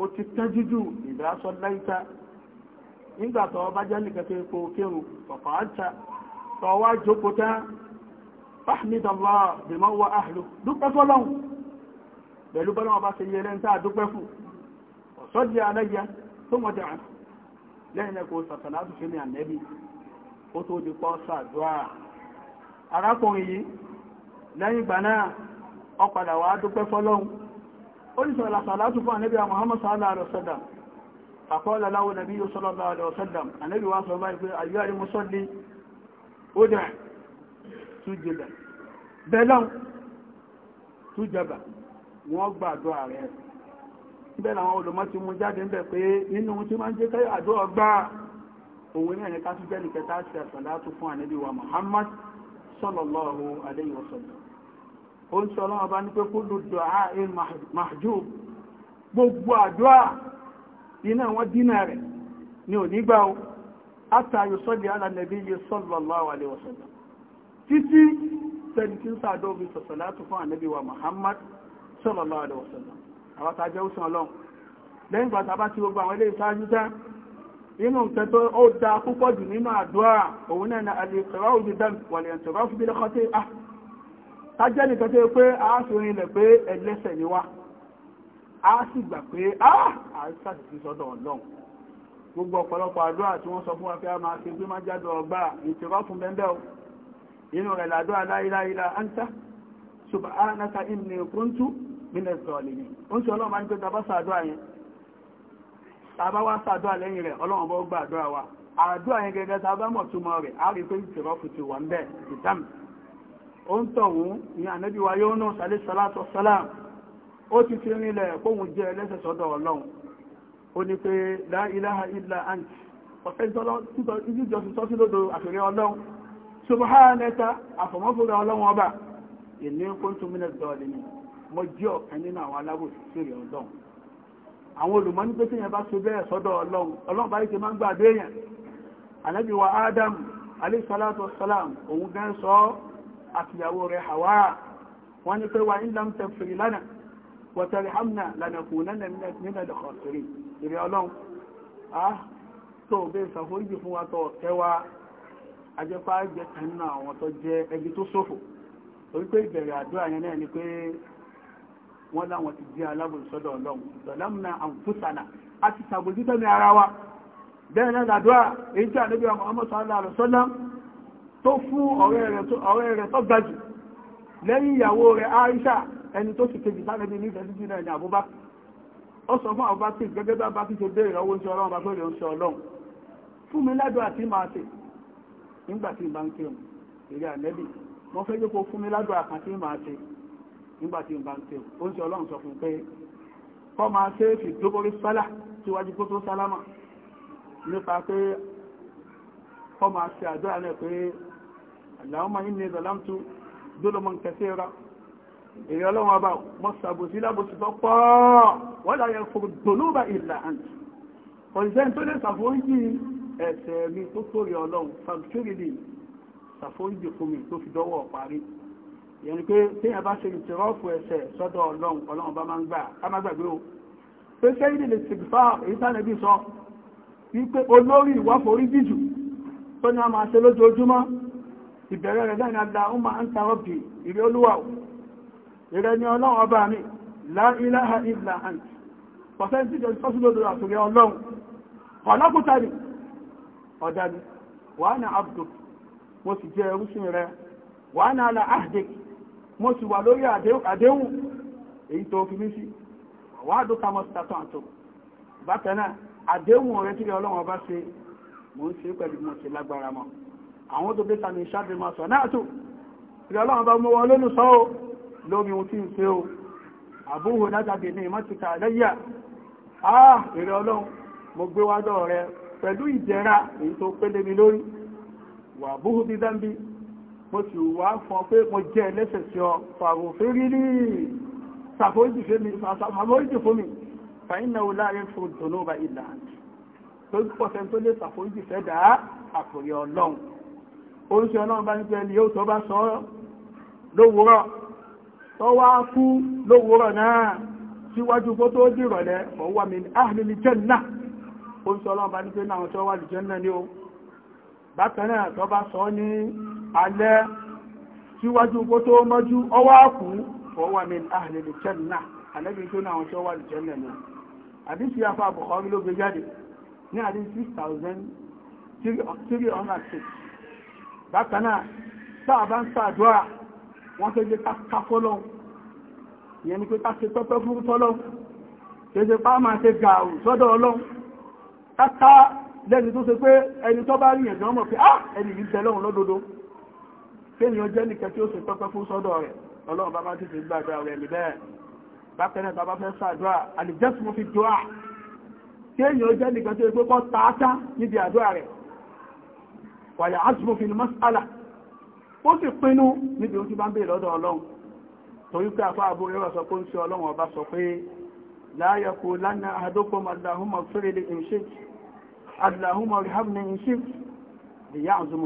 ó ti tán jújù ìdásọ́ láìta nígbà tó bá jẹ́ nìkan tó kó kírun fọ̀fọ̀ àjá dúpẹ́ fọ́lọ́hun pẹ̀lú bọ́lá bá ṣe yẹlẹ́ ń tá àdúpẹ́ fún ọ̀sọ́dí aláyà tó mọ̀ dáa lẹ́yìn ẹ̀kọ́ sàtàlá tó ṣe ànẹ́bí ó tó di pọ́ sàdúrà arákùnrin yìí lẹ́yìn ìgbà náà ó padà wá dúpẹ́ fọ́lọ́hun ó ní sọ̀rọ̀ àsàlátù fún ànábì Muhammad sallallahu alaihi wasallam faqala lahu nabiyyu sallallahu alaihi wasallam ànábì wá sọ báyìí pé ayyuha al-musalli ud'a tujaba bẹ́lọ́n tujaba wọ́n gbàdúrà rẹ̀ bẹ́ẹ̀ làwọn olùmọ́ ti mú jáde ń bẹ̀ pé nínú tí máa ń jẹ́ káyà àdúrà gbáà òun náà ní ká tún jẹ́nu kẹta sí àsàlátù fún Muhammad sallallahu alayhi ó ń sọ ọlọ́wọ́ bá ní pé kullu du'a gbogbo àdúrà iná wọn dínà rẹ̀ ni ò nígbà o àtàyò ala nabiyyi sallallahu alayhi títí tí ń fún Muhammad àwọn tàjẹ́ òsàn ọlọ́run lẹ́yìn nínú nǹkan tó ó da púpọ̀ jù nínú àdúrà òun náà na àlèkọ̀rọ̀ òjò dán wàlẹ̀ ẹ̀tọ̀rọ̀ fún bílẹ̀ kọ́tí à tájẹ́ nìkan tó pé a sì rin ilẹ̀ pé ẹlẹ́sẹ̀ ni wá a sì gbà pé ah! a àìsàtìsí sọ́dọ̀ ọlọ́run gbogbo ọ̀pọ̀lọpọ̀ àdúrà tí wọ́n sọ fún wa pé a máa ṣe gbé máa jádọ̀ ọgbà ìtìrọ̀ fún bẹ́ńbẹ́ o inú rẹ̀ làdúrà la ilaha illa anta subhanaka inni kuntu minaz zalimin ó ń sọ ọlọ́run máa ń gbé tabasa àdúrà yẹn tàbá wá sàdúrà lẹ́yìn rẹ̀ ọlọ́run bọ́ gba àdúrà wa àdúrà yẹn gẹ́gẹ́ tàbá mọ̀ túmọ̀ rẹ̀ a rí pé ìtìrọ́fù ti wà ń bẹ̀ ìtàm ó ń tọ̀hún ní ànábì wa yóò náà sàlẹ̀ sàlátọ̀ sàlám ó ti fi rinlẹ̀ kóhun jẹ́ ẹlẹ́sẹ̀ sọ́dọ̀ ọlọ́run ó ní pé la ilaha illa ant ni mo jẹ́ ọ̀kan nínú àwọn alábòsí àwọn olùmọ́ ní pé tí yẹn bá ṣe bẹ́ẹ̀ sọ́dọ̀ ọlọ́run ọlọ́run bá yíké máa ń gbàdé yẹn ànábì wa adam aleyhisalatu wasalam òun gẹ́ sọ àtìyàwó rẹ̀ hawa wọ́n ní pé wa in lam tafiri lana wa tarhamna lanakunanna min al-khasirin ìrẹ́ ọlọ́run ah tó bẹ́ẹ̀ ṣàforíjì fún wa tọ́ ẹwà ajẹ́pá jẹ́ kan náà àwọn tó jẹ́ ẹbí tó ṣòfò torí pé ìbẹ̀rẹ̀ àdúrà yẹn náà ni pé wọ́n láwọn ti jẹ́ alábòsọ́dọ̀ ọlọ́run sọ̀lámùnà àǹfùsànà a ti sàbòjútọ́ ní ara wa bẹ́ẹ̀ náà làdúrà èyí tí ànábì Muhammad sallallahu alaihi wasallam tó fún ọ̀rẹ́ rẹ̀ tó gbajù lẹ́yìn ìyàwó Aisha ẹni tó sì kejì sánẹ́bí ní ìfẹ́ títí náà gẹ́gẹ́ bá ọwọ́ ọlọ́run oúnjẹ ọlọ́run fún mi ládùn àti máa tè ìbá ń èrè ànẹ́bì wọ́n fẹ́ nígbàtí ń bá ń tẹ̀wọ̀ ó ń sọ ọlọ́run sọ fún pé kọ́ máa ṣe é fi dóborí sálà síwájú kó tó sálámà nípa pé kọ́ máa ṣe àdúrà náà pé Allahumma inni zalamtu doloman kaseera èyí ọlọ́run ọba mọ́ sàbòsí lábòsí tó pọ̀ wọ́n láyé fún dòlóbà ìlà àǹtì ọ̀sẹ̀ tó lè sàfóyí ẹ̀ṣẹ̀ mi tó tóri ọlọ́run sàfóyí fún mi tó fi dọ́wọ́ parí yẹni pé téèyàn bá ṣe ìtìrọ́ọ̀fù ẹ̀ṣẹ̀ sọ́dọ̀ ọlọ́run ọlọ́run bá máa ń gbà á má gbàgbé o pé sẹ́yìn lè sìgbà èyí sáré bí sọ wípé olórí ìwáforí jìjù tó ní a máa ṣe lójoojúmọ́ ìbẹ̀rẹ̀ rẹ̀ lẹ́yìn àdá ó máa ń tarọ́ bì ìrẹ́ olúwa o ìrẹ́ ni ọlọ́run ọba mi la ilaha illa ant pọ̀sẹ́ntì jẹ́ sọ́sílódò àtúrẹ́ ọlọ́run ọlọ́kùtà ni ọ̀dà wàá na abdul mo sì jẹ́ ẹrú sí rẹ wàá na ala ahdik mo sì wà lórí àdéhùn èyí tó fi mí sí wà á dókà mọ́ sítátọ́ àtò bákan náà àdéhùn ọ̀rẹ́ tí ọlọ́wọ́n bá ṣe mo ń ṣe pẹ̀lú mo ṣe lágbára mọ́ àwọn tó bẹ́ta ní ṣáàbì máa sọ náà tó tí ọlọ́wọ́n bá mú wọn lónú sọ ó lómi ohun tí ń ṣe ó àbúhù látàbí ní ìmọ̀tìkà lẹ́yà áà ah, èrè ọlọ́run mo gbé wá rẹ pẹ̀lú ìjẹra èyí tó pélé mi lórí wà búhù bí dáńbí mo sì wá fún pé mo jẹ́ ẹlẹ́sẹ̀ sí ọ fàrò fèrí rí sàfójì fún mi fàínà oláàrin fún dùnú bá ìlà tó pọ̀sẹ̀ tó lé sàfójì fẹ́ dá àkòrí ọlọ́run oúnjẹ ọlọ́run bá ń jẹ́ ni yóò tó bá sọ lówùúrọ̀ tó wá kú lówùúrọ̀ náà síwájú kó tó mi ahli li janna oúnjẹ ọlọ́run bá ń jẹ́ náà tó wà lì jẹ́ náà ni ó bákan tó bá sọ ní alẹ́ síwájú kó tó mọ́jú ọwọ́ àkú fọwọ́ min ahli al-jannah àlẹ́bí tó náà tí ó wà al-jannah náà àdísí afá Bukhari ló gbé jáde ní àdí 6306 bákan náà sáà bá ń sàdúrà wọ́n tó jẹ́ ká fọ́lọ́ ìyẹn ni pé ká ṣe pẹ́pẹ́ fún tọ́lọ́ ṣeṣe pá máa ṣe gààrù sọ́dọ̀ ọlọ́run ká ká lẹ́ni tó ṣe pé ẹni tó bá rí ẹ̀jọ́ mọ̀ pé á ah, ẹni yìí tẹ́lọ́run lódodo kéèyàn jẹ́ nìkan tí ó sì tọ́pẹ́ fún sọ́dọ̀ rẹ̀ ọlọ́run bá bá ti fi gbàdúrà rẹ̀ lè bẹ́ẹ̀ bákẹ́rẹ́ bàbá fẹ́ sàdúrà àlìjẹ́sùn mo fi dúrà kéèyàn jẹ́ nìkan tí ó pé kọ́ tààtà níbi àdúrà rẹ̀ wàyà azmu fi mas'ala ó sì pinnu níbi ohun tí bá ń bèèrè lọ́dọ̀ ọlọ́run torí pé àfá àbú rẹ̀ sọ pé ń ṣe ọlọ́run ọba sọ pé la yaqulanna ahadukum allahumma ighfir li in shi'ta allahumma irhamni in shi'ta li ya'zumu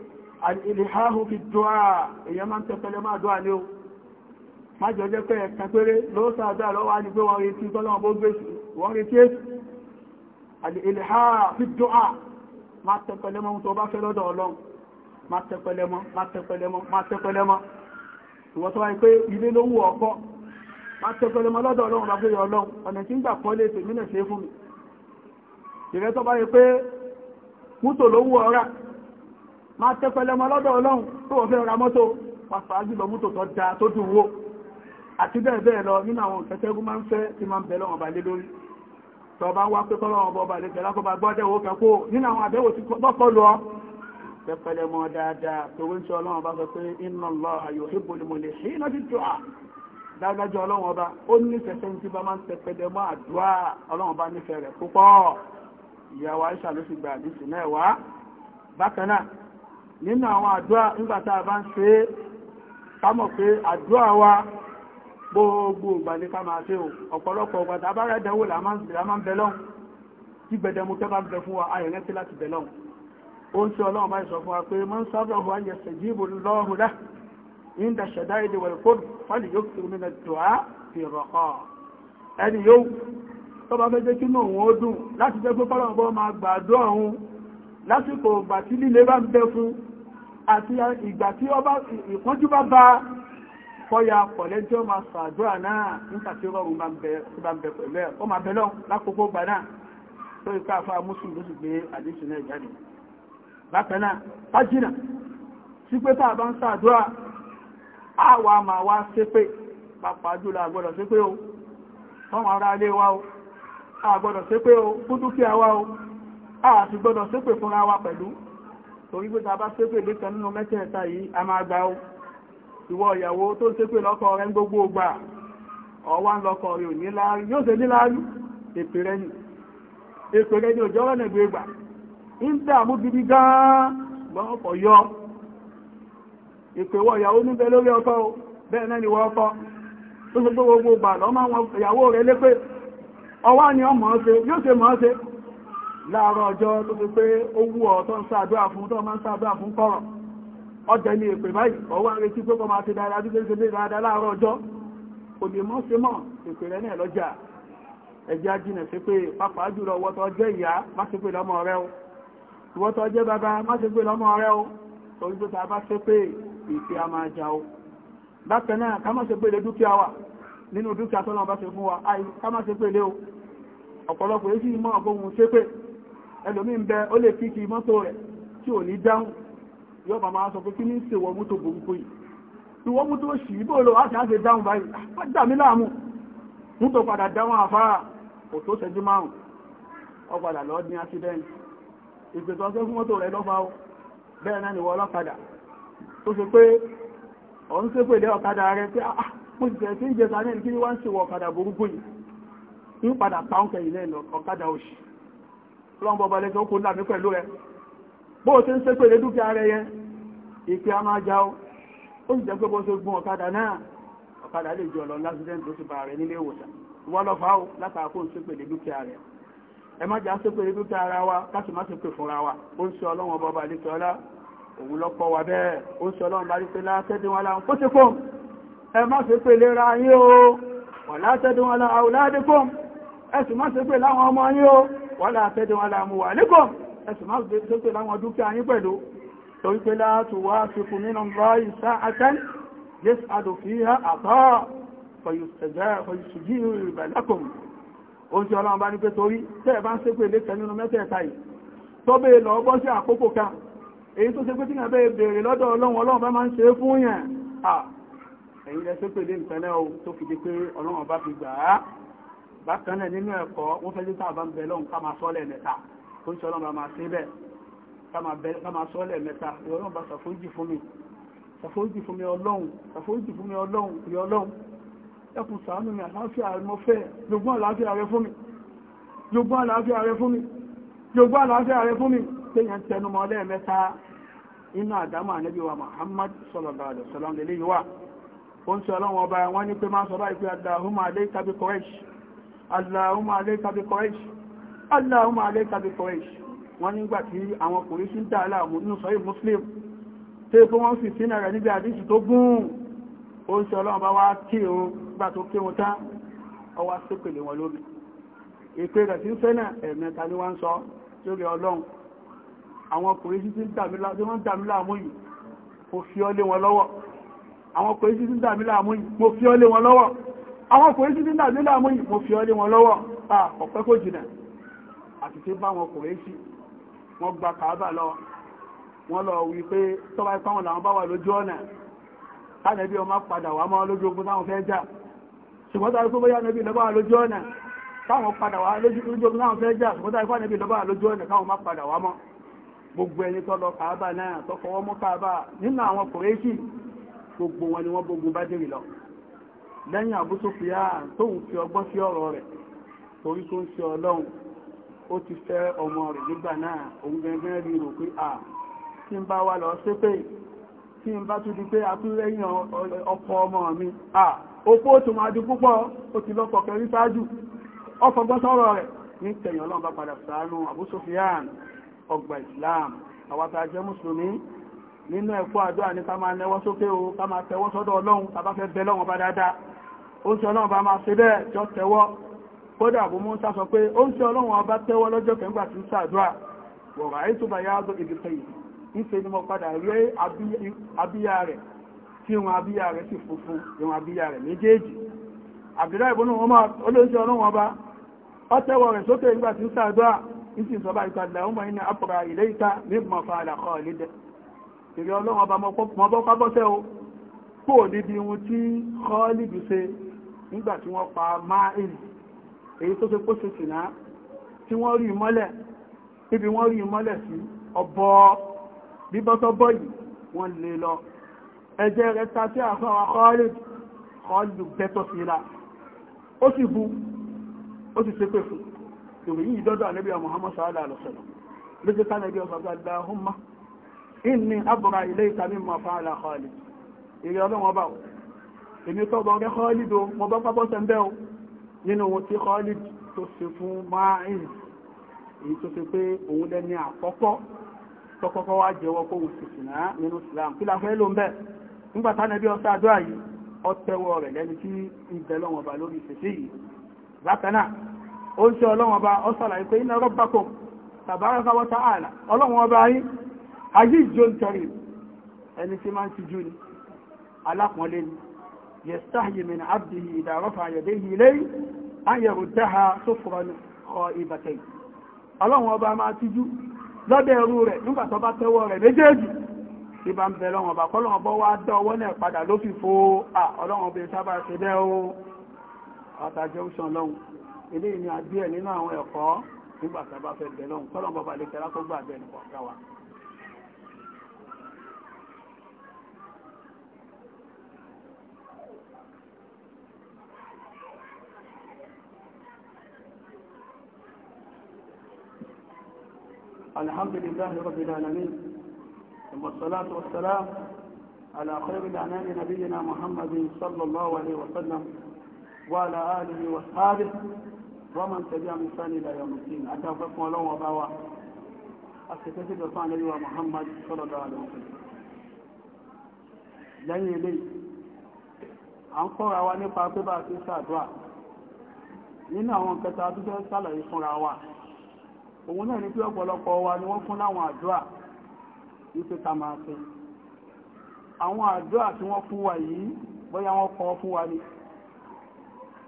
alìlìháhù bí dùá èyàn máa ń tẹ́tẹ́lẹ̀ máa dùá ní o má jọ jẹ́ pé ẹ̀kan péré ló sáàdá lọ́wọ́ ni pé wọ́n retí tọ́lọ́wọ́ bó gbèsù wọ́n retí èsù alìlìháhù bí dùá má tẹ́tẹ́lẹ̀ mọ́ tó bá fẹ́ lọ́dọ̀ ọlọ́run má tẹ́tẹ́lẹ̀ mọ́ má tẹ́tẹ́lẹ̀ mọ́ má tẹ́tẹ́lẹ̀ mọ́ ìwọ́n tó wáyé pé ilé ló wù ọ̀pọ̀ má tẹ́tẹ́lẹ̀ mọ́ lọ́dọ̀ ọlọ́run bá fẹ́ yọ ọlọ́run ọ̀nà tí ń gbà kọ́lé tèmi náà ṣe fún mi ìrẹ́ tó bá ló wù ọ̀rá máa tẹ́pẹlẹmọ lọ́dọ̀ ọlọ́run tó wọ́n fẹ́ ra mọ́tò pàápàá jùlọ mọ́tò tó da tó dùn wò àti bẹ́ẹ̀ bẹ́ẹ̀ lọ nínú àwọn kẹtẹ́gún máa ń fẹ́ tí máa ń bẹ̀ lọ́wọ́ balẹ̀ lórí tó bá wá pé kọ́lọ́wọ́ bọ́ balẹ̀ jẹ́ lákọ́bà gbọ́dẹ̀ wó kẹ́kọ́ nínú àwọn àbẹ̀wò tí tọ́kọ́ lọ tẹ́pẹlẹmọ dáadáa tó wé ń sọ ọlọ́run bá sọ pé inna Allaha yuhibbul mulihina bid du'a dágbájọ́ ọlọ́run ọba ó nífẹ̀ẹ́ rẹ̀ púpọ̀ ìyàwó Aisha ló fi gbà àdìsí náà wá bákan nínú àwọn àdúrà nígbàtà bá ń ṣe ká mọ̀ pé àdúrà wa gbogbo ìgbàlẹ̀ ká máa ṣe ọ̀pọ̀lọpọ̀ ọgbàtà bá rẹ̀dẹ̀wò lámá ń bẹ̀lọ́n tí gbẹ̀dẹ̀mú tẹ́ bá ń bẹ fún wa ayẹ̀rẹ́ tí láti bẹ̀lọ́n ó ń ṣe ọlọ́run máa sọ fún wa pé mọ́n sábẹ̀ ọ̀hún ayẹ̀ sẹ̀jíbò lọ́rùn lá ìdá ṣẹ̀dá èdè wẹ̀ kó fọ́lì yóò fi tó bá fẹ́ kí náà wọ́n dùn láti jẹ́ pé fọ́lọ́run bọ́ máa gbàdúrà òun lásìkò ìgbà tí líle bá ń bẹ fún àti ìgbà tí ìpọ́njú bá bá kọ́ya pọ̀lẹ́jọ́ ma sàdúrà náà nígbà tí rọrùn bá ń bẹ pẹ̀lú ẹ̀ ó ma bẹ lọ lákòókò gbà náà tó ìka àfa mùsùlùmí ló sì gbé àdéṣù náà jáde bákan náà pájínà sí pé tá a bá ń sàdúrà àwa máa wá ṣépè pàápàá jùlọ àgbọ́dọ̀ ṣépè o wọ́n máa ra ilé wa o àgbọ́dọ̀ ṣépè o fún dúkìá o àti gbọ́dọ̀ ṣépè fúnra torí pé ta bá ṣépè lẹ́kan nínú mẹ́tẹ̀ẹ̀ta yìí a máa gbà ó ìwọ ìyàwó tó ṣépè lọ́kọ rẹ ń gbogbo gbà ọwá ń lọ́kọ rẹ ò ní láárí yóò ṣe ní láárí èpè rẹ ni èpè rẹ ni òjò rẹ̀ gbé gbà ń dààmú gidi gan-an gbọ́n ọ̀pọ̀ yọ èpè wọ ìyàwó o bẹ́ẹ̀ náà ni wọ́n ọkọ tó ṣe pé gbogbo láàárọ̀ ọjọ́ tó fi pé ó wú ọ tó ń ṣàdúrà fún tó máa ń ṣàdúrà fún kọ́rọ̀ ọjọ́ ní èpè báyìí ọwọ́ ń retí pé kọ́ máa ti dáadáa dúdú ṣe dáadáa láàárọ̀ ọjọ́ kò lè mọ́ sí mọ́ èpè rẹ náà lọ́jà ẹ̀jẹ̀ ajínà sí pé pàápàá jùlọ ìwọ tó jẹ́ ìyá má ṣe pé lọ́mọ rẹ o ìwọ tó jẹ́ bàbá má ṣe pé lọ́mọ rẹ o torí pé ta bá ṣe pé ìfẹ́ a máa ja o bákan náà ká má ṣe pé ilé dúkìá wà nínú dúkìá tó náà bá ṣe fún ṣépè ẹlòmí ń bẹ ó lè kí kí mọ́tò rẹ̀ tí ò ní dáhùn yóò bá máa sọ pé kí ní ṣe wọ mọ́tò burúkú yìí tí wọ́n mú tó ṣì í bóòlò láti á ṣe dáhùn báyìí ah, dà mí láàmú mú tó padà dáhùn àfárá kò tó ṣẹ́jú márùn ọ padà lọ ní accident ìpètò ọsẹ fún mọ́tò rẹ̀ lọ́fà ó bẹ́ẹ̀ náà ni wọ́n ọlọ́kadà tó ṣe pé ọ̀ ń ṣépè lé ọ̀kadà rẹ̀ pé ah, ah mo sì tẹ̀ sí ìjẹta náà kí ni wọ́n ń ṣe wọ ọ̀kadà burúkú yìí ń padà pàún kẹyìn lẹ́nu ọ̀kadà òṣì lọ́nbọ̀ balẹ̀ tó kó láàmí pẹ̀lú ẹ bó ti ń ṣe pèlè dúkìá rẹ yẹn ìpé a máa já ó ó sì jẹ́ pé bó ṣe gun ọ̀kadà náà ọ̀kadà lè jọ lọ lásìdẹ́ntì tó ti bá rẹ nílé ìwòsàn wọ́n lọ fáwọ́ látàkó ń ṣe pèlè dúkìá rẹ ẹ má jà ṣe pèlè dúkìá ara wa káṣì má ṣe pè fúnra wa ó ń ṣe ọlọ́wọ́n bọ́ balẹ̀ tó ọlá òun lọ́pọ̀ wa bẹ́ẹ̀ ó ń ṣe ọlọ́wọ́n bá rí pé látẹ́dín wọn láwọn kó ṣe fóun ẹ má ṣe pèlè ra yín o wọ̀n látẹ́dín wọn láwọn àwòládé fóun ẹ sì má ṣe pè láwọn ọmọ yín wọ́n láà tẹ́dẹ̀ wọ́n láà mú wà lẹ́kọ̀ọ́ ẹ̀sùn máa gbé tó pé láwọn dúkìá yín pẹ̀lú torí pé láàtù wá fi kù nínú báyìí sáàtán yẹ́ sàdò fi ha àtọ́ fọ̀yùsùjì ìrìbàlákùn ohun tí ọlọ́run bá ní pé torí tẹ́ẹ̀ bá ń sé pé lẹ́kẹ̀ẹ́ nínú mẹ́tẹ̀ẹ̀ta yìí tó bẹ́ẹ̀ lọ bọ́ bákan náà nínú ẹ̀kọ́ wọ́n fẹ́ lítà bá ń bẹ lọ́hùn ká máa sọ́lẹ̀ mẹ́ta tó ń sọ lọ́nà máa sí bẹ́ẹ̀ ká máa sọ́lẹ̀ mẹ́ta ìrọ̀lọ́hùn bá ṣàfójì fún mi ṣàfójì fún mi ọlọ́hùn ṣàfójì fún mi ọlọ́hùn rí ọlọ́hùn ẹkùn ṣàánú mi àlàáfíà mo fẹ́ jogún àlàáfíà rẹ fún mi jogún àlàáfíà rẹ fún mi jogún àlàáfíà rẹ fún mi téèyàn tẹnumọ́ lẹ́ẹ̀mẹ́ta inú àdámà ànábì wa Muhammad sallallahu alaihi wasallam lè léyìí wà ó ń sọ ọlọ́run ọba wọn ní pé máa sọ báyìí pé Allahumma alayka bi Quraish Allahumma alayka bi Quraish wọ́n nígbà tí àwọn Quraish ń dáa láàmú nínú sọ́yí Muslim tí ó wọ́n fi sínú rẹ̀ níbi àdíṣù tó gún ó ń sọ ọlọ́run bá wá kí òun gbà tó kí wọn tán ọ wá sí pèlè wọn lórí ìpè rẹ̀ sí ń sẹ́nà ẹ̀mẹ́ta ni wọ́n sọ lórí ọlọ́run àwọn Quraish tí wọ́n dàmí láàmú yìí yìí kò fi ọ́ lé wọn lọ́wọ́ àwọn ọkùnrin sí nígbà nílò àmú yìí mo fi ọlé wọn lọ́wọ́ à ọ̀pẹ́ kò jìnà àti tí bá wọn ọkùnrin sí wọ́n gba kàábà lọ wọ́n lọ wí pé tọ́ba ipá wọn làwọn bá wà lójú ọ̀nà tánàbí ọmọ padà wà mọ́ lójú ogun táwọn fẹ́ jà ṣùgbọ́n tàbí kó bóyá nàbí lọ́bà lójú ọ̀nà táwọn padà wà lójú ogun táwọn fẹ́ jà ṣùgbọ́n tàbí kó lójú ọ̀nà káwọn má padà wà mọ́ gbogbo ẹni tọ́lọ kàábà náà tọ́kọ̀wọ́ mọ́ kàábà nínú àwọn kòrèṣì gbogbo wọn ni wọ́n gbogbo bá dèrè lọ lẹ́yìn Abu Sufyan tóun fi ọgbọ́n sí ọ̀rọ̀ rẹ̀ torí tó ń ṣe ọlọ́run ó ti fẹ́ ọmọ rẹ̀ nígbà náà òun gẹ́gẹ́ rí rò pé à tí ń bá wà lọ sí pé tí ń bá tún di pé a tún rẹ́yìn ọkọ ọmọ mi à opó tó máa di púpọ̀ ó ti lọ́pọ̀ kẹrí ṣáájú ọfọgbọ́n sọ̀rọ̀ rẹ̀ ní tẹ̀yìn ọlọ́run bá padà ṣàánú Abu Sufyan ọgbà Islam àwọn tá a jẹ́ mùsùlùmí nínú ẹ̀kọ́ àdúrà ní ká máa nẹwọ́ sókè o ká máa tẹwọ́ sọ́dọ̀ ọlọ́run tá a bá fẹ́ bẹ lọ́wọ́ bá dáadáa ó ń ṣe ọlọ́run bá máa ṣe bẹ́ẹ̀ jọ tẹ́wọ́ kódà bó mú sá sọ pé ó ń ṣe ọlọ́run ọba tẹ́wọ́ lọ́jọ́ kẹ́ńgbà tí ń ṣàdúrà wọ̀rọ̀ ayé yá ọdún ìdìtẹ̀ yìí níṣe ni mo padà rí abíyá rẹ̀ tí ìwọ̀n abíyá rẹ̀ sì funfun ìwọ̀n abíyá rẹ̀ méjèèjì àbúrá ìbónú wọn máa olóṣẹ́ ọlọ́run ọba ọ tẹ́wọ́ rẹ̀ sókè nígbà tí ń ṣàdúrà ní sì sọ́bà ìpàdà ọmọ iná àpọ̀rà ilé ìta ní mọ̀fà àlàkọ́ ìlédẹ̀ ìrẹ́ ọlọ́run ọba mọ́bọ́ kábọ́sẹ́ o kó níbi ohun tí kọ́ nígbà tí wọ́n pa máàrín èyí tó ṣe pó ṣe ṣìná tí wọ́n rí mọ́lẹ̀ níbi wọ́n rí mọ́lẹ̀ sí ọbọ̀ bíbọ́sọ́bọ̀ yìí wọ́n lè lọ ẹjẹ́ rẹ̀ ta sí àfáwà kọ́ọ̀lù kọ́ọ̀lù bẹ́tọ̀ sí la ó sì bu ó sì ṣépè fún ìròyìn yìí dọ́dọ̀ ànábì èmi tó bọ̀ rẹ̀ Khalid o mo bá pápọ́ sẹ́ńbẹ́ o nínú ohun tí Khalid tó ṣe fún Ma'in èyí tó ṣe pé òun lẹ́ni àkọ́kọ́ tó kọ́kọ́ wá jẹ́wọ́ kó wùsì sìnà nínú Islam kí la fẹ́ ló ń bẹ̀ nígbà táwọn ẹbí ọsẹ àdúrà yìí ọ tẹ́wọ́ rẹ̀ lẹ́ni tí ń bẹ lọ́wọ́n ba lórí ìṣẹ̀ṣe yìí bákan ó ń ṣe ọlọ́wọ́n ba ọ sọ̀rọ̀ pé inna rabbakum tabaraka wa ẹni tí máa ń tijú ni alápọ̀nlé ni يستحي من عبده إذا رفع يديه إليه أن يردها صفرا خائبتين ọlọ́run ọba máa tijú lọ́dẹ̀ ẹrú rẹ̀ nígbà tó bá tẹ́wọ́ rẹ̀ méjèèjì tí bá ń bẹ lọ́wọ́n ọba kọ́lọ́run ọba wá dá ọwọ́ náà padà ló fi fo ọlọ́run ọba sábà ṣe bẹ́ o àtàjọ òṣàn lọ́hun ilé ìní àbí ẹ̀ nínú àwọn ẹ̀kọ́ nígbà tó bá fẹ́ bẹ lọ́hun kọ́lọ́run ọba lè kẹ́lá kó gbà bẹ́ẹ̀ nìkan káwa الحمد لله رب العالمين ثم الصلاة والسلام على خير الأنام نبينا محمد صلى الله عليه وسلم وعلى آله وأصحابه ومن تبع إنسان إلى يوم الدين أتوفق ولو وباوا أستفيد بصان لي ومحمد صلى الله عليه وسلم لن يلي أنقر ń kọ́ra wa nípa إنه أنك تعدد صلى الله عليه وسلم òun náà ní pé ọ̀pọ̀lọpọ̀ wa ni wọ́n fún láwọn àdúrà wípé ká máa ṣe àwọn àdúrà tí wọ́n fún wa yìí bóyá wọ́n kọ́ fún wa ni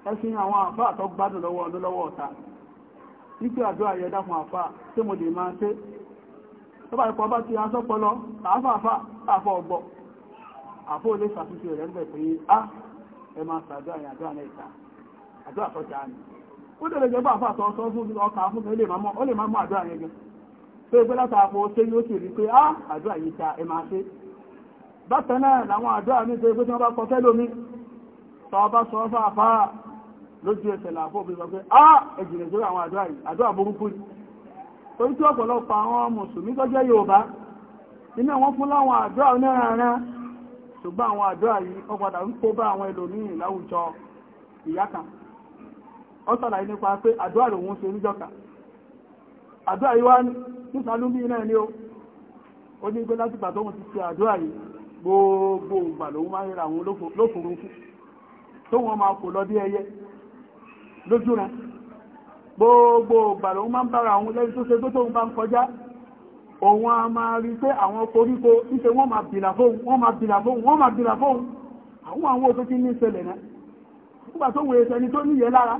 ẹ̀sìn àwọn àfáà tó gbádùn lọ́wọ́ ọdún lọ́wọ́ ọ̀tá wípé àdúrà yẹ dákun àfáà tí mo lè máa ṣe tó bá ipò ọba ti aṣọ pọlọ àáfàáfà àfọ ọgbọ àfọ olè ṣàtúnṣe rẹ̀ ń bẹ̀ pé á ah, ẹ máa ṣàdúrà yẹn àdúrà náà ìta àdúrà ó lè jẹ́ àtọ́ ọ̀sán fún ọkà fún ilé ó lè máa mú àdúrà yẹn gan tó ẹgbẹ́ látàpọ̀ ṣé sì rí pé á ah, àdúrà yìí ta ẹ máa ṣe bákan làwọn àdúrà mi tí wọ́n bá tọ́ ọba sọ ọ́ lójú ẹsẹ̀ pé á ah, ẹ̀jìnlẹ̀ àwọn àdúrà yìí àdúrà burúkú yìí torí tí ọ̀pọ̀lọpọ̀ àwọn mùsùlùmí tó ọ sàlàyé nípa pé àdúrà lòun ṣe níjọ́ka àdúrà yìí wá ní sàlúmbí náà ní o ó ní pé láti pàtó wọn ti ṣe àdúrà yìí gbogbo ìgbà lòun máa ń ra àwọn lófurufú tó wọn máa kò lọ bí ẹyẹ lójú rẹ gbogbo ìgbà lòun máa ń bára àwọn lẹ́yìn tó ṣe tó tóun bá ń kọjá òun a máa rí pé àwọn koríko ìṣe wọ́n máa bìlà fóun wọ́n máa bìlà fóun wọ́n máa bìlà fóun àwọn àwọn òfin ní ìṣẹ̀lẹ̀ náà nígbà tó wòye sẹni tó níyẹ lára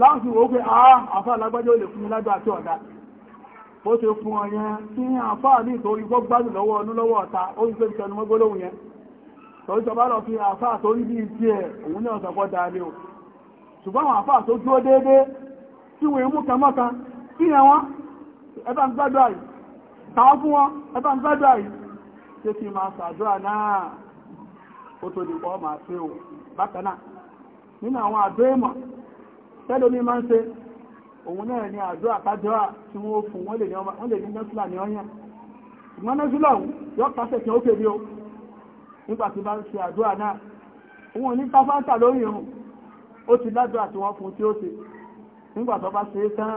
láti wò pé àá ah, àfá alágbájá ó lè fún lágbà àti ọ̀dá bó ṣe fún ọ̀yẹn tí àfá ní ìtorí gbọ́ gbádùn lọ́wọ́ ọdún lọ́wọ́ ọ̀ta ó ń pè ìṣẹ́nu mọ́gbólóhùn yẹn tọ́jú tọba lọ fi àfá àtórí bí i ẹ̀ òun ní ọ̀sán kọ́ dáadé o ṣùgbọ́n àwọn àfá tó dúró déédéé tí wọ́n mú kan mọ́kan kí yẹn wọ́n ẹbá ń gbádùn àyè tàá fún wọn ẹbá ń gbádùn àyè ṣé kí máa ṣàdúrà náà ó tó dìpọ̀ máa ṣe o bákan náà nínú àwọn àdó ìmọ̀ tẹ́lò ní máa ń ṣe òun náà ni àjọ àkájọ́à tí wọ́n fún wọ́n lè ní nẹ́sùlà ní ọyàn ìgbọ́n nẹ́sùlà yọ pàṣẹ kí ó kéde o nígbà tí bá ń ṣe àjọ àná òun ní káfáńtà lórí irun ó ti lájọ àti wọ́n fún tí ó se. nígbà tó bá ṣe é tán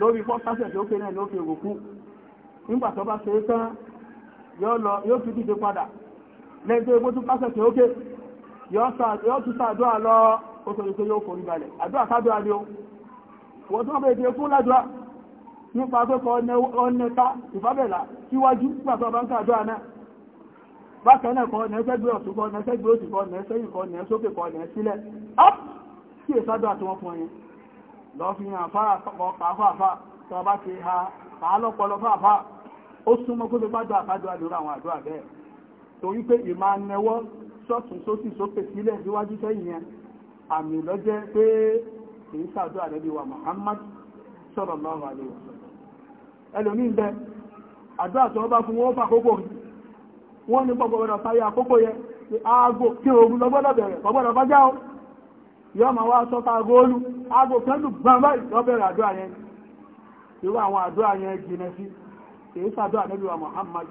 lórí tí ó náà ló fi rò nígbà tó bá é padà ó sọ pé yóò forí balẹ̀ àdúrà sábẹ́ adé o wọ́n tó wọ́n bẹ̀rẹ̀ ti fún ládùá nípa pẹ́kọ̀ ọ̀nẹ́ta ìfábẹ̀lá síwájú nígbàtọ̀ bá ń ká àdúrà náà bákan náà kọ́ nẹ́sẹ́gbẹ́ ọ̀tún kọ́ nẹ́sẹ́gbẹ́ òsì kọ́ nẹ́sẹ́yìn kọ́ nẹ́sókè kọ́ nẹ́sílẹ̀ up sí ìsádọ́ àti wọn fún ẹyìn lọ fi hàn fáfáfá tọ́ bá ti ha pàálọ́pọlọ fáfá ó súnmọ́ kó tó bá dọ́ àfájọ́ àdúrà àwọn àdúrà bẹ́ẹ̀ torí pé ìmá nẹwọ́ sọ́tún sósì sókè sílẹ̀ síwájú sẹ́yìn yẹn àmì lọ́jẹ́ pé kìí sàdó àdẹ́bí wa Muhammad sallallahu alaihi wasallam ẹlòmí bẹ àdó àti ọba fún kókò ní gbogbo ọ̀rọ̀ àkókò yẹ pé aago kí ogun lọ́gbọ́dọ̀ bẹ̀rẹ̀ o yọ ma wá sọ fàgó olú aago kẹ́lù gbàmbá ìlọ́bẹ̀rẹ̀ àdó àyẹn wa Muhammad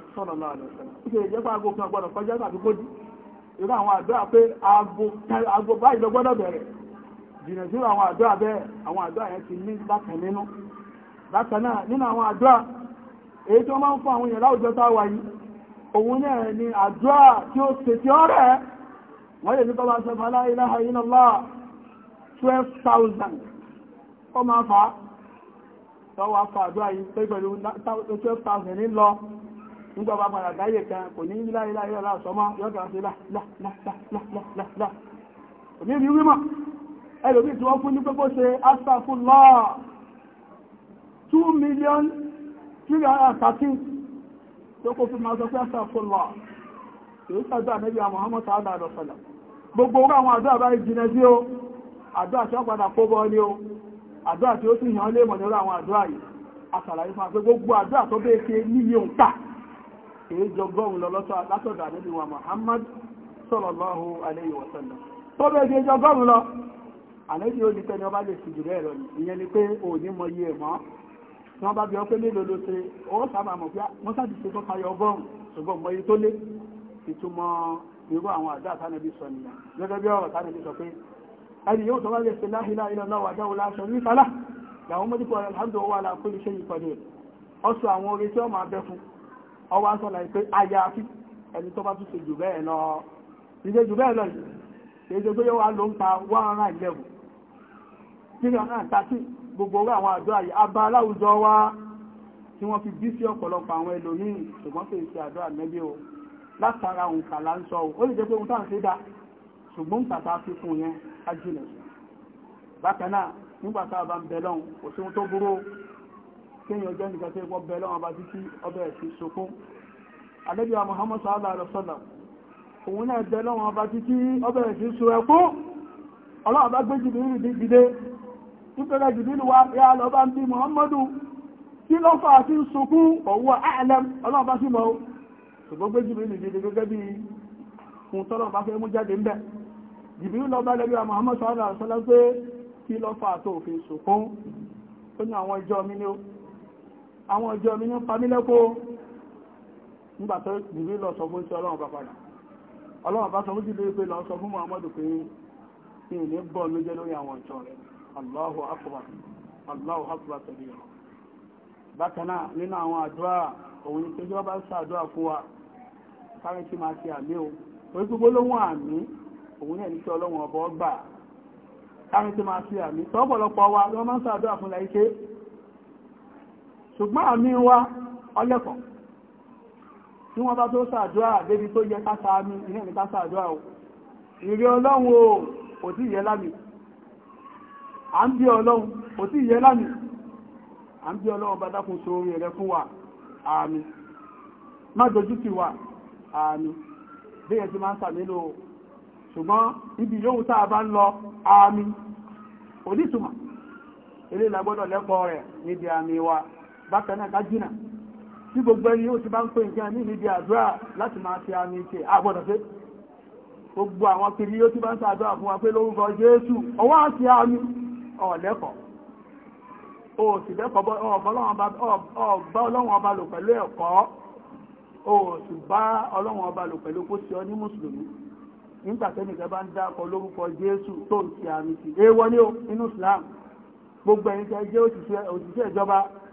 irú àwọn àdúrà pé aago báyìí lọ gbọ́dọ̀ bẹ̀rẹ̀ jìnà sí àwọn àdúrà bẹ́ẹ̀ àwọn àdúrà yẹn ti ní bákan nínú bákan náà nínú àwọn àdúrà èyí tó máa ń fún àwọn èèyàn láwùjọ tá a wà yìí òun náà ni àdúrà tí ó ṣe tí ó rẹ̀ wọ́n lè ní bọ́bá sọ fún la ilaha illallah twelve thousand ó máa fà á tọ́wọ́ àfà àdúrà yìí pé pẹ̀lú twelve thousand ní lọ nígbà bá padà dáyé kan kò ní ilá ilá ilá sọmọ yọ́gbà sí láàláàláàláà òní rí wímọ̀ ẹlòmí tí wọ́n fún ní pẹ́kọ́ ṣe astaghfirullah 2 million 313 tó kó fi máa sọ pé astaghfirullah èyí tí ó sì yàn àwọn àdúrà yìí àṣàlàyé fún gbogbo èyí jọgọ́rùn lọ látọ̀dà nínú wa Muhammad sallallahu alayhi wa sallam tó bẹ́ẹ̀ ṣe jọgọ́rùn lọ àlejò ó ní tẹni ọba lè fìdí rẹ̀ rọ̀ ìyẹn ni pé ò ní mọ iye mọ́ tí wọ́n bá bí ọ pé mélòó ló ṣe ó sábà mọ̀ pé wọ́n sáà ti ṣe tó tayọ ọgọ́rùn ṣùgbọ́n mọ iye tó lé ìtumọ̀ irú àwọn àdá àtànàbí sọ nìyàn gẹ́gẹ́ bí ọ̀rọ̀ tánàbí sọ pé ẹni yóò tọ́wọ́ lè ṣe la ilaha illallah wahdahu la sharika lah làwọn mọ́dípọ̀ alhamdulillah wa ala kulli shay'in qadir ọ̀sọ̀ àwọn orin tí ó ọwọ́ aṣọ láì pé àyàfi ẹni tó bá tún ṣe jù bẹ́ẹ̀ lọ ìṣe jù bẹ́ẹ̀ lọ yìí ṣe pé yóò wá ló ń ta one hundred and eleven three hundred and thirty gbogbo owó àwọn àdúrà yìí abá aláwùjọ wa tí wọ́n fi bí sí ọ̀pọ̀lọpọ̀ àwọn ẹlòmíì ṣùgbọ́n kì í ṣe àdúrà o látara òǹkà là ń sọ o ó lè jẹ́ pé ohun táwọn ṣe dá ṣùgbọ́n ń tàta fi fún yẹn á jìnà bákan náà nígbà tá a bá ń bẹ lọ́hùn kò sí ohun tó burú kéèyàn ọjọ́ nìkan tó ẹgbọ́ bẹ̀rẹ̀ lọ́wọ́ bá títí ọbẹ̀ ti sọkún ànábì wa Muhammad sallallahu alaihi wasallam òun náà bẹ̀rẹ̀ lọ́wọ́ bá títí ọbẹ̀ ti sọ ẹkún ọlọ́wọ́ bá gbé jìbìrì dìde nítorí jìbìrì wa yá lọ bá ń bí Muhammadu kí ló fà sí sọkún ọwọ́ àlẹm ọlọ́wọ́ bá sì mọ́ ṣùgbọ́n gbé jìbìrì dìde gẹ́gẹ́ bí fún tọ́lọ́ bá fẹ́ mú jáde ńbẹ̀ jìbìrì lọ bá ànábì wa Muhammad sallallahu alaihi wasallam pé kí ló fà tó òfin sọkún ó ní àwọn ìjọ mi ní ó àwọn ọjọ́ mi ní pamílẹ́kó nígbàtọ́ ìrírí lọ sọ fún sí ọlọ́run bá padà ọlọ́run bá sọ fún sí lórí pé lọ sọ fún muhammadu pé kí ní bọ́ ló jẹ́ lórí àwọn ọjọ́ rẹ̀ allahu akbar allahu akbar tẹ̀lé ọ̀rọ̀ bákan náà nínú àwọn àdúrà òun tó jọ bá ṣàdúrà fún wa sáré tí máa ṣe àmì o orí gbogbo lóhun àmì òun náà ní kí ọlọ́run ọba ọgbà sáré tí máa ṣe àmì tọ́pọ̀lọpọ̀ wa ló máa ń ṣàdúrà fún láìṣe ṣùgbọ́n àmì wa ọlẹ́kọ̀ọ́ tí wọ́n bá tó ṣàdúrà débi tó yẹ ká sáàmì ilé ní o ìrí ọlọ́run o ti tí yẹ lámì à ń bí ọlọ́run kò tí yẹ lámì à ń bí ọlọ́run bá dákun so orin rẹ fún ti àmì ibi yóò tá a bá ń lọ àmì onítùmọ̀ ilé ìlàgbọ́dọ̀ lẹ́kọ̀ọ́ rẹ̀ níbi àmì bákan náà ká jìnà tí gbogbo ẹni ó ti bá ń pè nǹkan ní níbi àdúrà láti máa fi àmì ìṣe àgbọ̀dọ̀ pé gbogbo àwọn kiri yóò ti bá ń sàdúrà fún wa pé lórúkọ Jésù ọwọ́ àti àmì ọ̀lẹ́kọ̀ọ́ o sì lẹ́kọ̀ọ́ ọba ọlọ́wọ́n ọba lò pẹ̀lú ẹ̀kọ́ o sì bá ọlọ́wọ́n ọba lò pẹ̀lú kó ṣe ọ ní mùsùlùmí nígbàtẹ́nìkan bá ń dákọ lórúkọ Jésù tó ń ti àmì sí ewọ́ ní gbogbo ẹni tẹ́ jẹ́ òṣìṣẹ́ ìjọba